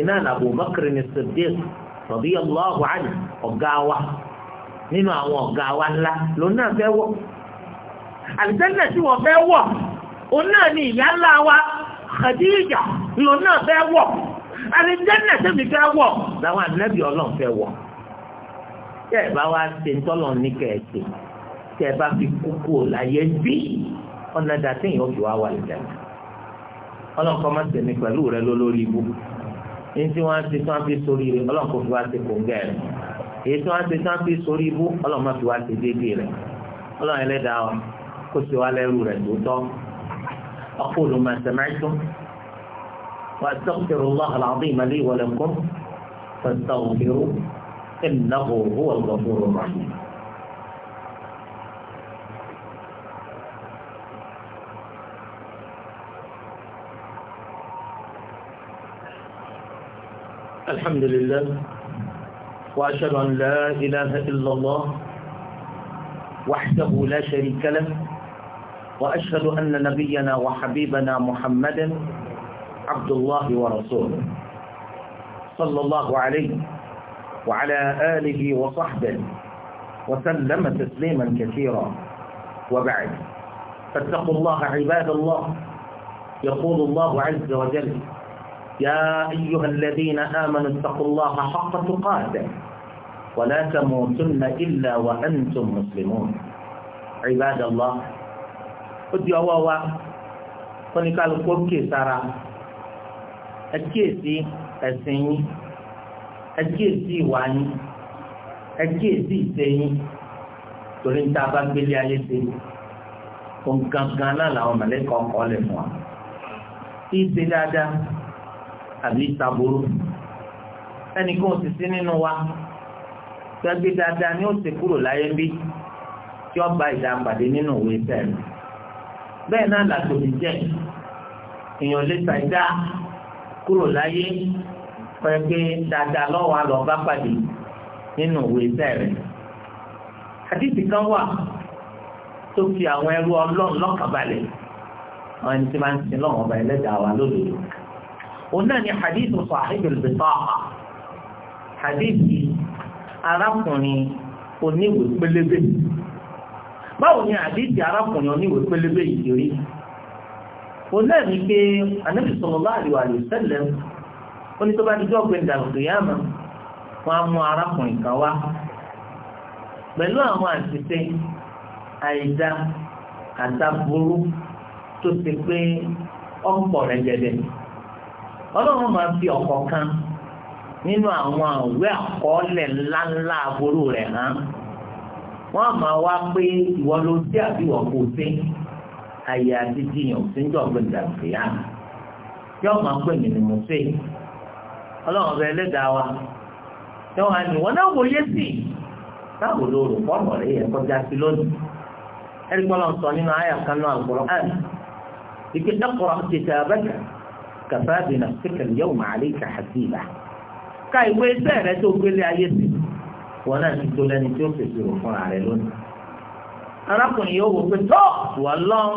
iná làbò mọ́kìrì ní Siddiq radiyallahu anhu ọ̀gá wa nínú àwọn ọ̀gá wa ńlá lòun náà fẹ́ wọ̀ àlìjánnà tí wọ́n fẹ́ wọ̀ òun náà ni ìyá ńlá wa Khadija lòun náà fẹ́ wọ̀ àlìjánnà tèmi fẹ́ wọ̀ làwọn ànábì ọlọ́run fẹ́ wọ̀ tẹ́ ẹ̀ bá wá ṣe ń tọ́lọ̀ ní kẹ̀ẹ́sì tẹ́ ẹ bá fi kúkú ò bíi ọ̀nà dàtẹ́yìn òkè wá wà lẹ́jà ọlọ́nkọ́ má tẹ̀mí pẹ̀lú rẹ lólórí ibú èyí tí wọ́n á ti tí wọ́n á fi sórí rẹ ọlọ́nkọ́ fi wá ti kòńgẹ́ rẹ èyí tí wọ́n á ti tí wọ́n á fi sórí ibú ọlọ́nkọ́ fi wá ti déédéé rẹ ọlọ́run ẹlẹ́dàá wa kó ti wá lẹ́rù rẹ̀ lóòótọ́ أقول ما سمعتم وأستغفر الله العظيم لي ولكم فاستغفروا إنه هو الغفور الرحيم الحمد لله وأشهد أن لا إله إلا الله وحده لا شريك له وأشهد أن نبينا وحبيبنا محمدا عبد الله ورسوله صلى الله عليه وعلى آله وصحبه وسلم تسليما كثيرا وبعد فاتقوا الله عباد الله يقول الله عز وجل يا أيها الذين آمنوا اتقوا الله حق تقاته ولا تموتن إلا وأنتم مسلمون عباد الله ودي أواوا فنقال قوكي سارا أكيسي أسيني أكيسي واني أكيسي سيني torí ń ta bá gbélé ayé ṣe òun gangan náà làwọn mọ̀lẹ́kọ̀ọ́ kọ́ àbí ìtàbùrú ẹnìkan ò sì sí nínú wa gbẹgbẹ dáadáa ni ó ti kúrò láyé ń bí tí ọba ìdàmbàdé nínú òwe sẹ́ẹ̀ bẹ́ẹ̀ náà làtòbí jẹ́ èèyàn lè ṣàìdá kúrò láyé pẹ̀lú dáadáa lọ́wọ́ àlọ́ba pàdé nínú òwe sẹ́ẹ̀ àdìsí kan wà tó fi àwọn ẹrú ọlọ́run lọ́kàbalẹ̀ àwọn ẹni tí máa ń sin lọ́wọ́ ọba ẹlẹ́dàá wa lódodo. òun náà ni hadith sahib al-bitaqa hadith arákùnrin oníwèé pélébé báwo ni hadith arákùnrin oníwèé pélébé yìí rí ni pé anábì sallallahu alaihi wa sallam ó tó bá dijọ́ pé dàlùkìyàmà wọn á mú arákùnrin kan wá àwọn àìdá tó ti pé ọlọ́run máa fi ọ̀kọ̀ọ̀kan nínú àwọn àwẹ̀ àkọọ́lẹ̀ ńláńlá aburú rẹ̀ hàn wọ́n á máa wá pé ìwọ ló dé àbí ìwọ kò dé àyè àti jiyàn sí ń jọ̀gbìn dàgbìyà yóò máa pè mí ni mo fẹ́ ọlọ́run ọbẹ̀ ẹlẹ́dàá wa ní wọn náà sí i báwo ló rò rẹ̀ kàfáàbì náà síkẹ̀lì yóò máa lè kà á sí ìlà. ka ìwé iṣẹ́ rẹ tó gbélé ayé sí wọn náà ti tó lẹ́ni tí ó fèsì rò fúnra rẹ lónìí. arákùnrin yóò wò pé tó wà lọ́n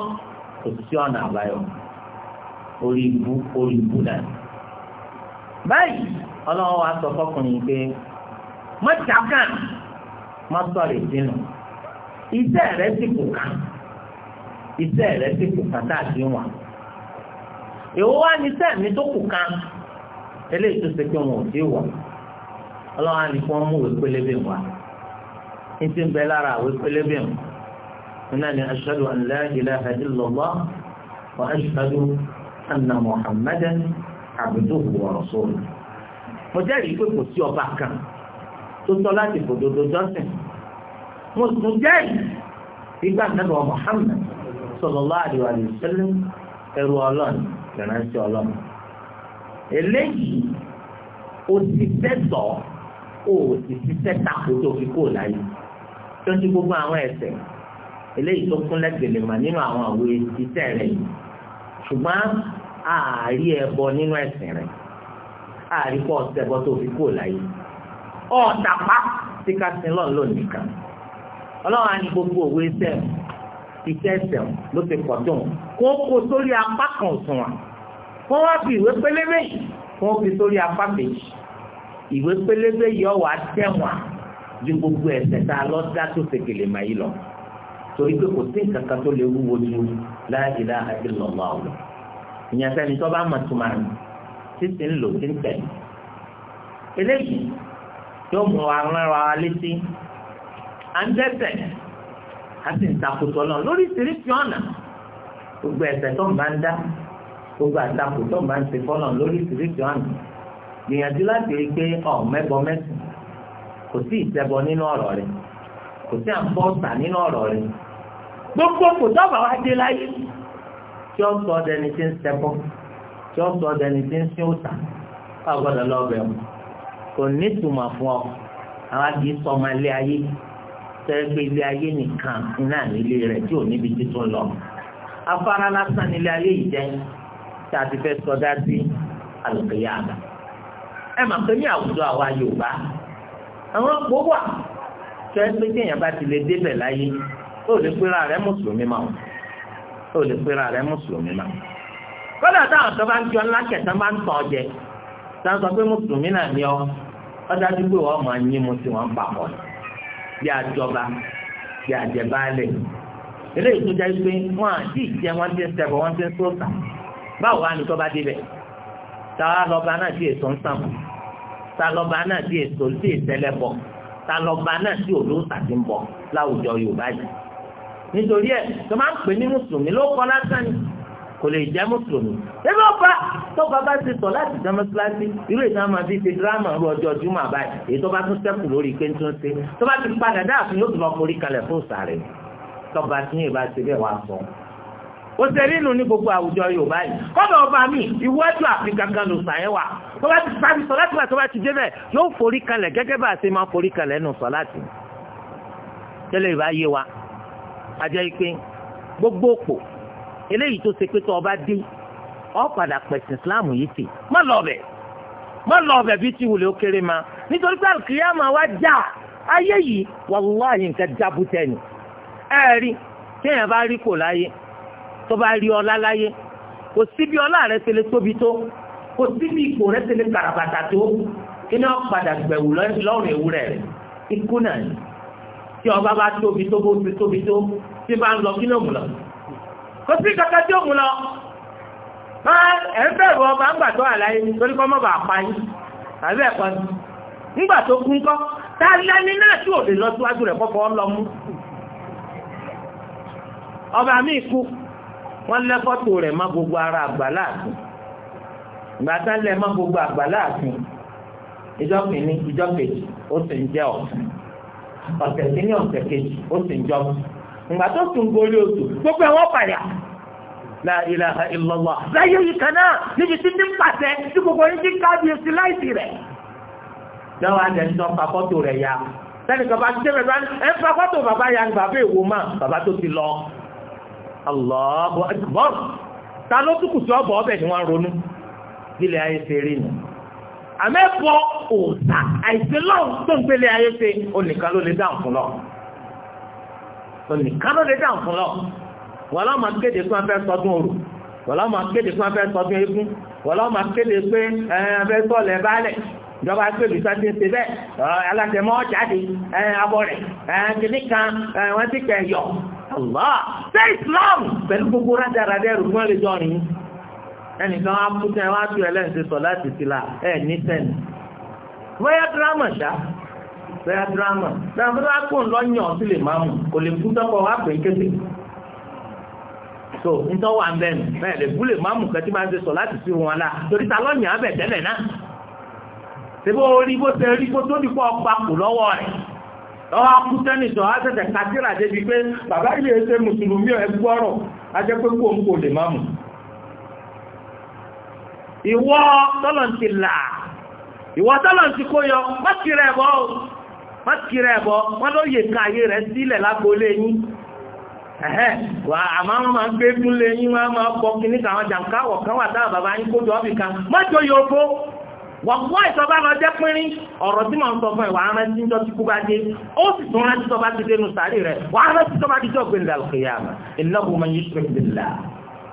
kò sí ọ̀nà àbáyọ orí ibú orí ibú náà. báyìí ọlọ́wọ́ wa sọ fọkùnrin pé má jákàn má sọ̀rọ̀ rẹ sì kù kàn iṣẹ́ rẹ sì kù kàn tá a èwo wá ní sẹ́ẹ̀mí tó kù kan eléyìí tó ṣe pé wọn ò dé wọ̀ ọlọ́wà ní kí wọ́n mú ìwé pélébé wá ní ti ń bẹ lára ìwé pélébé wọn nínú ni ashhadu an la ilaha illallah wa ashhadu anna muhammadan abduhu wa mo jẹ́rìí pé kò sí ọba kan tó tọ́ láti fòdodo jọ́sìn mo jẹ́rìí nígbà náà wà muhammad sallallahu alaihi wa sallam ẹrú ìránṣẹ́ ọlọ́run eléyìí o ti sẹ́tọ̀ o ti ti sẹ́tà kó tó fi kó láyé tó ti gbogbo àwọn ẹ̀ṣẹ̀ eléyìí tó kún lẹ́gbẹ̀lẹ̀ mà nínú àwọn àwọn ìṣiṣẹ́ rẹ̀ ṣùgbọ́n ààrí ẹbọ nínú ẹ̀sìn rẹ̀ ààrí pọ̀ ṣẹbọ tó fi kó láyé ọ̀tàpá tí ká sin lọ́ọ̀ lónìí ọlọ́run á ní gbogbo òwe sẹ́ẹ̀ iṣẹ́ ẹsẹ̀ ló ti pọ̀ tó kó kó sórí apá kan òṣùwọ̀n kó wá fi ìwé pélébé kó fi sórí apá kejì ìwé pélébé yọ wá tẹ̀wọ̀n ju gbogbo ẹsẹ̀ tá a lọ dá tó ṣe gèlè mà yìí lọ torí pé kò sí nǹkan kan tó lè wúwo ju la ilaha illallah lọ ìyẹn sẹ́ni tó bá mọ̀ tó máa ní títí ń lò sí ń tẹ̀ eléyìí yóò mú wa rán wa létí à ń dẹ́ṣẹ̀ a sì ń takòtò náà lórí ìsirísi ọ̀nà gbogbo ẹ̀ṣẹ̀ tó ń bá ń dá gbogbo àtakò tó ń bá ń ṣe fọ́nà lórí ìsirísi ọ̀nà gbìyànjú láti rí i pé ọ̀ mẹ́bọ mẹ́sìn kò sí ìṣẹbọ nínú ọ̀rọ̀ rẹ̀ kò sí àbọ̀sà nínú ọ̀rọ̀ rẹ̀ gbogbo kò dọ́gba wá dé láyé tí ó sọ ọdẹni tí ń ṣẹbọ tí ó sọ ọdẹni tí ń sin òòṣà ká lọ bẹ̀rù kò ní ìtumọ̀ fún ọ àwọn àgbẹ̀ sọ ọmọ ilé ayé tẹ́gbẹ́ ilé ayé nìkan iná nílé rẹ̀ tí ò níbi títún lọ. afárá lásán nílé ayé yìí jẹ́ tí a ti fẹ́ sọdá sí àlùkìyàmà. ẹ mà pé ní àwùjọ àwa Yorùbá àwọn ọ̀pọ̀ wà tẹ́gbẹ́ tí èèyàn bá ti lè débẹ̀ láyé ó lè pera mùsùlùmí ó lè pera mùsùlùmí táwọn bá ń jọ ńlá kẹta máa ọ jẹ sọ pé mùsùlùmí náà ni ọ pé bí àjọba bí àjẹbálẹ̀ eléyìí tó jẹ́ pé wọ́n àti ìjẹ́ wọ́n ti ń sẹ́bọ̀ wọ́n ti ń sọ́ọ̀tà báwo wá ní tọ́ba débẹ̀ ta lọ́ba náà ti èso ń sàn ta lọ́ba náà ti èso ti ìtẹ́lẹ̀ bọ̀ ta lọ́ba náà ti òlóòtà ti ń bọ̀ láwùjọ Yorùbá yìí nítorí ẹ̀ tó máa ń pè ní mùsùlùmí ló kọ́ lásán ni kò lè jẹ́ mùsùlùmí. Ebi ọba tọ́ba bá ti sọ láti dẹ́mọ́síláṣí irú ìtàn máa fi ṣe dírámà ru ọjọ́ Júmọ̀ àbáyé èyí tó bá tún sẹ́kù lórí pé tó ń ṣe tó bá ti padà dáàfin yóò tún lọ forí kalẹ̀ fún sàrẹ̀ tọ́ba tí yìí bá ṣe bẹ́ẹ̀ wá sọ. Ó ṣe nínú ní gbogbo àwùjọ Yorùbá yìí. Kọ́dọ̀ ọba mi ìwọ́jú Áfíríkà kan ló sàyẹ̀ wà. Tó bá ti sábì a a jẹ́ pé gbogbo òpò eléyìí tó ṣe pé tó ọba dé ọ padà pẹ̀sìn islam yìí tì má lọ ọbẹ̀ má lọ ọbẹ̀ bí ti wùlé ó kéré ma nítorí pé àlùkìyàmà wa já ayé yìí wàláhì nǹkan jábútẹ́ ni ẹ rí téèyàn bá rí kò láyé tó bá rí ọlá láyé kò síbi ọlá rẹ ṣe lè tóbi tó kò síbi ipò rẹ ṣe lè kàràbàtà tó kí ni wọn padà gbẹ̀wù lọ́rùn ewúrẹ́ rẹ ikú náà ni tí ọba bá tóbi tó bó ti tóbi tó tí bá ń lọ kí ló mú lọ kò sí kàkà tí òun lọ máa ẹ̀ ń bẹ̀rù ọba ńgbà tó àlàyé torí kọ́ mọ́bà pa yín àbẹ́ ẹ̀kọ́ ni ńgbà tó kú ńkọ́ tá a lẹ́ni náà tí òde lọ síwájú rẹ̀ kọ́kọ́ lọ mú ọba mi kú wọ́n lẹ́ fọ́tò rẹ̀ má gbogbo ara àgbà láàfin ìgbà tá lẹ́ má gbogbo àgbà láàfin ìjọ kìíní ìjọ kejì ó sì ń jẹ́ ọ̀sẹ̀ ọ̀sẹ̀ kìíní ọ̀sẹ̀ kejì ó sì ń jọ́ ìgbà tó sùn gorí oṣù gbogbo ẹ̀wọ́n padà la ilaha illallah láyé yìí kan náà níbi tí ti ń pàṣẹ tí gbogbo yìí ti ń kábíyèsí láìsí rẹ̀ lọ́wọ́ àjẹsí tó ń pa fọ́tò rẹ̀ ya sẹ́ni kan bá ti dé bẹ̀rẹ̀ ẹ ń pa fọ́tò bàbá ya ni bàbá èwo mà bàbá tó ti lọ Allahu akbar ta ló túkù sí ọ̀bọ̀ ọbẹ̀ ni wọ́n ronú bílẹ̀ ayé ṣe rí nù àmẹ́bọ̀ òòsà àìsílọ́ọ̀ tó ń pélé ayé ṣe onìkan ló lè dáhùn fún lọ́wọ́ nìkan ló lè dà fún lọ wọ́n lọ́ máa kéde fún afẹ́ sọdún òru wọ́n lọ́ máa kéde fún afẹ́ sọdún eégún wọ́n lọ́ máa kéde pé afẹ́ sọ̀lẹ̀ báálẹ̀ ìjọba pé olùsọ ti ń ṣe bẹ́ẹ̀ alátẹmọ́ jáde abọ́ rẹ̀ kìíní kan wọ́n ti kẹ̀ yọ Allah ṣe Islam pẹ̀lú gbogbo rádaràdà ẹ̀rù fún ẹ̀lẹ́jọ́ rìn ẹnìkan wá kú sẹ́yìn wá tú ẹlẹ́sìn sọ láti ti la ẹ̀ ní sẹ́yìn. bóyá dírámà ṣáá bẹ́ẹ̀ dírámà náà bí wọ́n á kó ń lọ́yàn sí lè máa mú kò lè kú tọ́kọ̀ wá pè é kéde so ntọ́ wà ń bẹ́nu bẹ́ẹ̀ lè kú lè máa mú kẹ́tí máa ń ṣe sọ láti fi wọn la torí ta lọ́yàn abẹ tẹ́lẹ̀ náà ṣebí orí bó ṣe rí kó tó di kó ọgbà kù lọ́wọ́ rẹ̀ lọ́wọ́ kú tẹ́nìtọ̀ á ṣẹ̀ṣẹ̀ kátìrà débi pé bàbá ilé ṣe mùsùlùmí ẹ̀ gbọ́rọ̀ á jẹ́ pé kó ń kò lè máa mú ìwọ tọ́lọ̀ ti là ìwọ tọ́lọ̀ ti kó yọ má bọ́ wọ́n kiri ẹ̀bọ wọ́n ló yè ká ayé rẹ̀ sílẹ̀ lágbólé yín ẹ̀hẹ́ wà àmọ́ wọn máa gbé fún lé yín wọ́n máa bọ kíní káwọn jàǹkáwọ̀ kan wà táwọn bàbá yín kójọ ọ́bì kan mọ́jọ yòókó wọ̀pọ̀ ìtọ́ba lọ jẹ́ pínrín ọ̀rọ̀ tí màá sọ fún ẹ̀ wà á rántí tó ti kú bá dé ó sì tún rántí tó bá ti dénú sàárì rẹ̀ wà á rántí bá ti jọ́ gbẹ̀ndà lùkìyàmà innahu man yushrik billah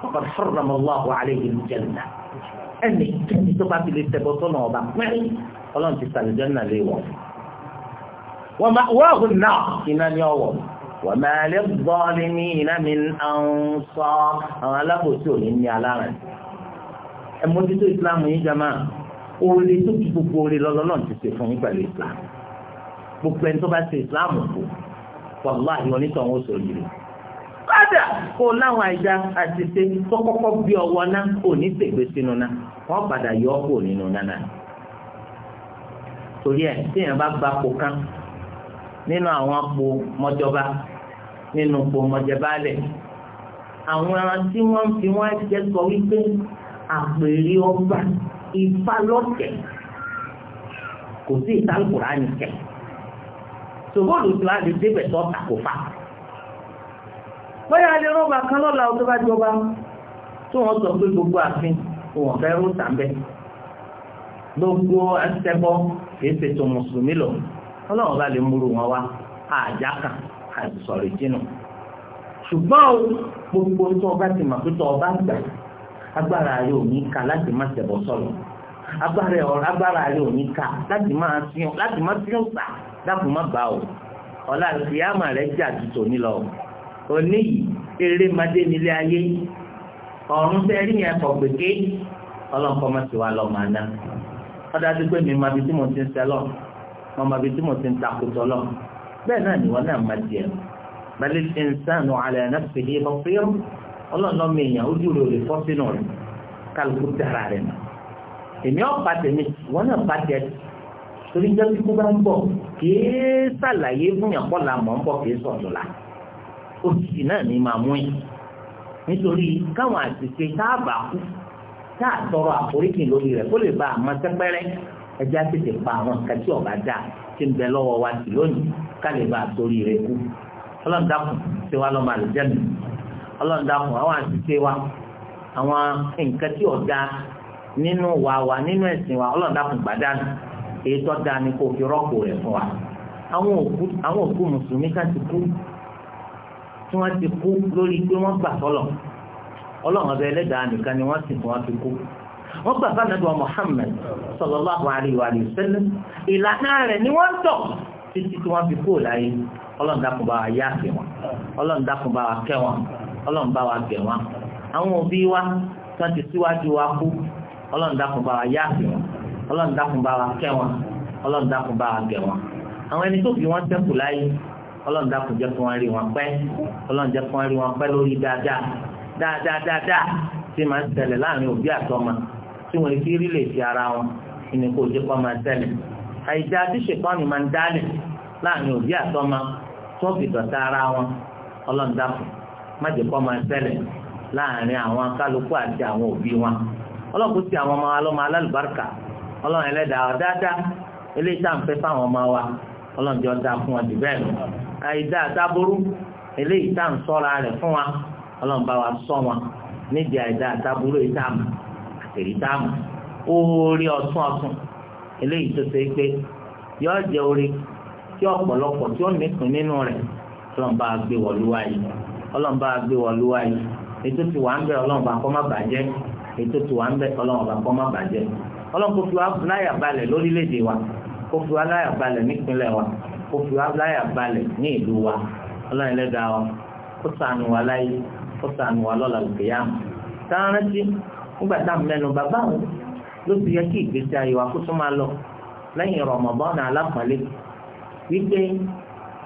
faqad harrama Allahu alayhi al-jannah ẹnì kẹ́ni tó bá ti lè tẹ̀bọ̀ sọ́nà ọba pínrín ọlọ́run ti sàlẹ̀ jẹ́ nà lé wọ̀ wọ́n máa wọ́ọ̀hùn náà iná ní ọwọ́ wọ́n máa lè bọ́ ní ní iná mi àwọn sọ àwọn alábòsí òní ní alárẹ̀ ẹ mójútó ìsìlámù yín jama oore tó ju gbogbo oore lọ́lọ́ náà ti ṣe fún yín pẹ̀lú ìsìlám gbogbo ẹni tó bá ṣe ìsìlámù kù wàláhì onítọ̀hún ó sòrò yìí kódà kó láwọn àìjà àṣìṣe tó bí ọwọ́ náà kò ní sínú náà wọ́n padà yọ ọ́ kò nínú náà náà torí ẹ̀ tí èèyàn bá gba kó kán nínú àwọn apò mọ́jọba nínú apò mọ́jẹbálẹ̀ àwọn ẹran tí wọ́n ń fi wọ́n jẹ́ sọ wípé àpèrè ọba ifá lọ́tẹ̀ kò sí ìtàkùrá nìkẹ́ sòbóòlù tí wàá lè débẹ̀ tó takòfà bóyá lè rọ́bà kan lọ́la tó bá jọba tó wọ́n sọ pé gbogbo àfin òun ọ̀fẹ́ rúta bẹ́ẹ̀ gbogbo ẹsẹ̀ bọ́ kìí ṣètò mùsùlùmí lọ́wọ́ ọlọ́run bá lè múrò wọn wá àjàkà àìsọ̀rọ̀ ìjìnà ṣùgbọ́n o gbogbo tó ọba ti mọ̀ pé tó ọba gbà agbára rẹ ò ní ká láti má tẹ̀bọ̀ sọ̀rọ̀ agbára ọ̀rọ̀ agbára rẹ ò ní ká láti má fihàn láti má fihàn sà dákun má bá o ọ̀la ìyáàmà rẹ̀ jà tuntun ní lọ òní yìí eré madé nílé ayé ọ̀run tẹ́ rí yẹn kọ̀ gbèké ọlọ́nkọ́ má ti wá lọ́ọ́ máa ná ọ̀dà tó pé mi máa fi tí mo ti ń sẹ́lọ̀ ọmọ ibi tí mo ti ń takùtọ̀ lọ bẹ́ẹ̀ náà ni wọ́n náà máa jẹ balẹ̀ ìsánù alẹ́ náà fi lè bọ́ fẹ́ ọlọ́nà mi èèyàn ojú rẹ̀ ò lè fọ́ sínú rẹ̀ kálukú dára rẹ̀ nà èmi ọ̀pá tèmi wọ́n náà bá jẹ torí jẹ́ kíkú bá ń bọ̀ kìí sàlàyé fún mọ̀ ń bọ̀ kìí sọ̀tọ̀ la náà ni màá mú yìí nítorí káwọn àtìsí tá a bá kú tá a tọrọ àforíkì lórí rẹ̀ kó lè bá a sẹ́pẹ́rẹ́ ẹja tètè pa àwọn nǹkan tí ọba dà tí ń bẹ lọ́wọ́ wa sí lónìí kálí bá torí rẹ kú ọlọ́run ṣe wá lọ́mọ àlùjẹ́nu ọlọ́run àwọn àṣìṣe wa àwọn nǹkan tí ọ̀dà nínú wa wa nínú ẹ̀sìn wa ọlọ́run gbàdánù èyí tó dáa ni kò fi rọ́pò rẹ̀ fún wa àwọn òkú mùsùlùmí ká ti kú tí wọ́n ti kú lórí pé wọ́n gbà sọ́lọ̀ ọlọ́run ọbẹ̀ ẹlẹ́dàá nìkan ni wọ́n sì fún wọn ti kú wọ́n gbà bá nàbà Muhammad sallallahu alayhi wa sallam ìlànà rẹ̀ ni wọ́n tọ̀ títí tí wọ́n fi kó láyé ọlọ́run dákun bá wa yá sí wọn ọlọ́run dákun bá wa kẹ́ wọn ọlọ́run bá wa gẹ̀ wọn àwọn òbí wa tí wọ́n ti síwájú wa kú ọlọ́run dákun bá wa yá sí wọn ọlọ́run kẹ́ wọn ọlọ́run gẹ̀ wọn àwọn ẹni tó fi wọ́n tí wọ́n fi rí lè ara wọn ìní kò jẹ́ kó tẹ́lẹ̀ àìjà tí ṣèpọ́nì máa ń dálẹ̀ láàrin òbí àtọ́mọ tó fi ara wọn ọlọ́ndàpọ̀ má jẹ́ kó tẹ́lẹ̀ láàrin àwọn akálukú àti àwọn òbí wọn ọlọ́kùn sí àwọn ọmọ wa lọ́mọ alálùbáríkà ọlọ́run ẹlẹ́dàá eléyìí tá à ń fẹ́ èyí dáàmú oore ọtún ọtún eléyìí tó ṣe pé yọ jẹ orí tí ọpọlọpọ tí ó nìkan nínú rẹ ọlọ́mọba gbé wọ̀lúwa yìí ọlọ́mọba gbé wọ̀lúwa yìí ètò tí wàá ń bẹ ọlọ́mọba kọ́ má bàjẹ ètò tí wàá ń bẹ má wa kó fi wá láyà wa kó fi wá láyà ní ìlú wa wa kó wa láyé nígbà tá à ń mẹ́nu bàbá òun ló ti yẹ kí ìgbésí ayé wa kó tó máa lọ lẹ́yìn Ramadan alápọ̀nlé wípé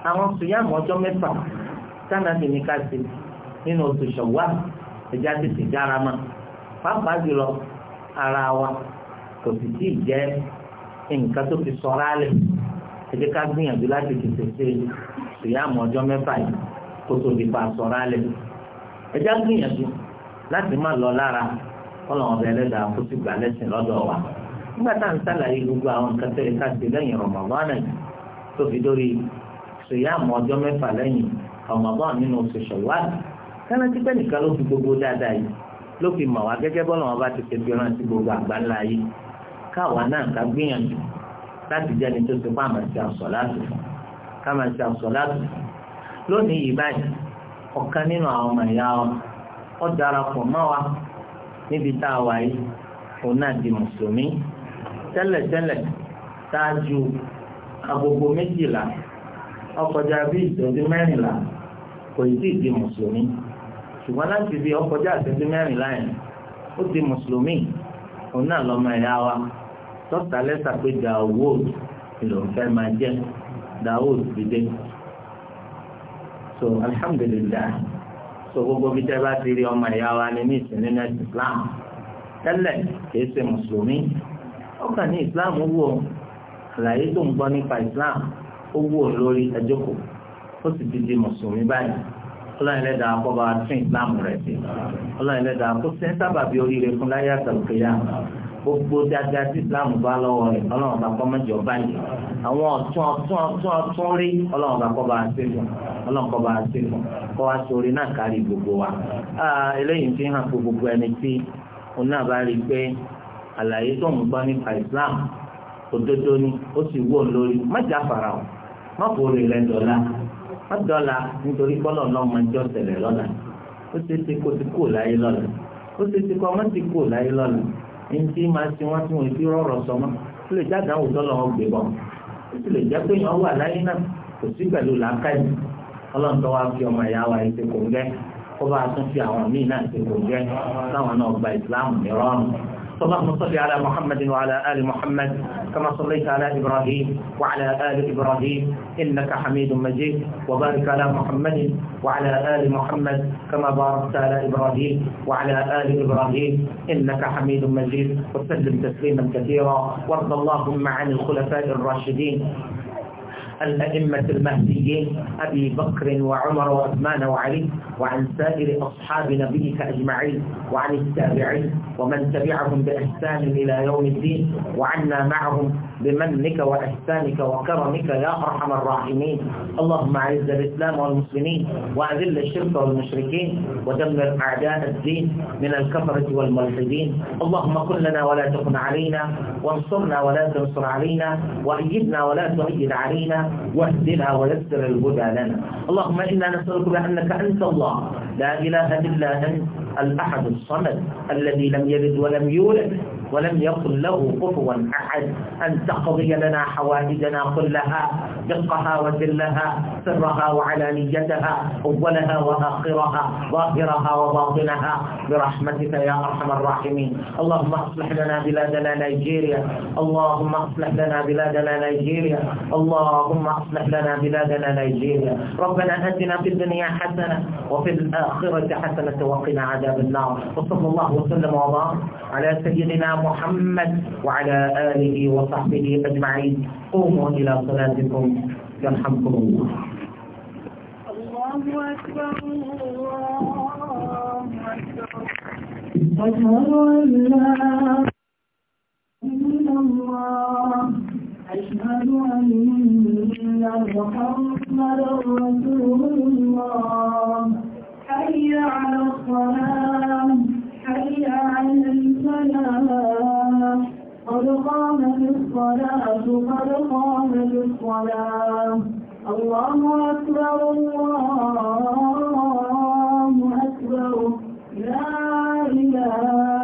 àwọn sùyàmù ọjọ́ mẹ́fà sànàdì ní ká sí nínú oṣù ṣọ̀wá ẹ̀já tètè dára mọ́ pàápàá jùlọ ara wa kò sì tí ì jẹ́ nǹkan tó fi sọ̀rọ̀ alẹ̀ ẹ ká gbìyànjú láti tètè ṣe sùyàmù ọjọ́ mẹ́fà yìí kó tó di pa sọ̀rọ̀ alẹ̀ ẹ jẹ́ gbìyànjú láti má lọ lára. kọ́lọ́wọ́n bẹ ẹlẹ́dàá kó ti gbà lẹ́sìn lọ́dọ̀ wa nígbà tá à ń gbogbo àwọn nǹkan tó ká ṣe lẹ́yìn rọ̀mọ̀bọ́nà tó fi dórí ṣèyáàmù ọjọ́ mẹ́fà lẹ́yìn rọ̀mọ̀bọ́n nínú oṣù ṣọ̀wáàlì kánà tí pẹ́nìkan ló fi gbogbo dáadáa yìí ló fi mọ̀ wá gẹ́gẹ́ wọn bá ti ṣe fi gbogbo àgbáńlá yìí káwa náà ká gbìyànjú láti jẹ́ni tó ti àmàṣe níbi tá a wà yìí òun náà di mùsùlùmí tẹ́lẹ̀tẹ́lẹ̀ ṣáájú agogo méjìlá ọkọjá bí ìṣẹ́jú mẹ́rìnlá kò tí ì di mùsùlùmí ṣùgbọ́n láti fi ọkọjá ìṣẹ́jú mẹ́rìnlá yẹn ó di mùsùlùmí òun náà lọ́mọ ẹ̀yà wa tọ́ta lẹ́sà pé Dawood ló ń fẹ́ máa jẹ́ Dawood dìde so alhamdulilayi tó gbogbo bí tẹ́ bá ti rí ọmọ ìyá wa ní ní ìsìn nínú ẹ̀sìn Islam tẹ́lẹ̀ kìí ṣe mùsùlùmí ọkàn ní Islam wò àlàyé tó ń gbọ́ nípa Islam ó wò lórí ẹjọ́kọ̀ ó sì ti di mùsùlùmí báyìí ọlọ́run ẹlẹ́dàá akọ́bà tún Islam rẹ̀ sí ọlọ́run ẹlẹ́dàá kó sẹ́ńtà bàbí oríire fún láyé àtàlùkẹ́yà gbogbo dáadáa tí islam bá lọ́wọ́ rẹ̀ ọlọ́run bá kọ́ mọ́jọ báyìí àwọn ọ̀tún ọ̀tún ọ̀tún ọ̀tún rí ọlọ́run bá kọ́ bá a ṣe fún ọlọ́run kọ́ bá a ṣe fún kọ́ wá sórí náà kárí gbogbo wa. eléyìí fi hàn pé gbogbo ẹni tí òun náà bá rí i pé àlàyé tó ń gbọ́ nípa islam òdodo ni ó sì wó lórí mọ́jà fara o má forí rẹ̀ dọ̀la má dọ̀la nítorí kọ́lọ̀ náà máa jọ́ tẹ̀lẹ̀ lọ́la ó ṣeé ṣe kó ti kó láyé lọ́la ó ṣeé ṣe kó ọmọ ti kó láyé lọ́la ntí máa ti wọ́n tí wọ́n ti rọ̀rọ̀ sọmọ́ ó lè jáde àwọn òdọ́lọ́ wọn gbé bọ̀ ó sì lè jẹ́ pé wọ́n wà láyé náà kò sí pẹ̀lú làákàyè ọlọ́run tó wá fi ọmọ ìyá wa yìí kò ń gẹ́ kó bá tún fi àwọn míì náà ṣe kò ń gẹ́ láwọn náà gba ìsìláàmù ní rọ́ọ̀rùn اللهم صل على محمد وعلى آل محمد كما صليت على إبراهيم وعلى آل إبراهيم إنك حميد مجيد وبارك على محمد وعلى آل محمد كما باركت على إبراهيم وعلى آل إبراهيم إنك حميد مجيد وسلم تسليما كثيرا وارض اللهم عن الخلفاء الراشدين الأئمة المهديين أبي بكر وعمر وعثمان وعلي وعن سائر أصحاب نبيك أجمعين وعن التابعين ومن تبعهم بإحسان إلى يوم الدين وعنا معهم بمنك وإحسانك وكرمك يا أرحم الراحمين اللهم أعز الإسلام والمسلمين وأذل الشرك والمشركين ودمر أعداء الدين من الكفرة والملحدين اللهم كن لنا ولا تكن علينا وانصرنا ولا تنصر علينا وأيدنا ولا تؤيد علينا واهدنا ويسر الهدى لنا اللهم إنا نسألك بأنك أنت الله لا إله إلا أنت الأحد الصمد الذي لم يلد ولم يولد ولم يكن له كفوا أحد أن تقضي لنا حوائجنا كلها دقها وجلها سرها وعلانيتها أولها وآخرها ظاهرها وباطنها برحمتك يا أرحم الراحمين اللهم اصلح لنا بلادنا نيجيريا اللهم اصلح لنا بلادنا نيجيريا اللهم اصلح لنا بلادنا نيجيريا ربنا أتنا في الدنيا حسنة وفي الآخرة حسنة وقنا عذاب عذاب النار وصلى الله وسلم وبارك على سيدنا محمد وعلى آله وصحبه أجمعين قوموا إلى صلاتكم يرحمكم الله الله أكبر الله أكبر أشهد أن لا إلا الله أشهد أن محمدا رسول الله حي على الصلاة حي على الفلاح قد قامت الصلاة قد قامت الصلاة الله أكبر الله أكبر لا إله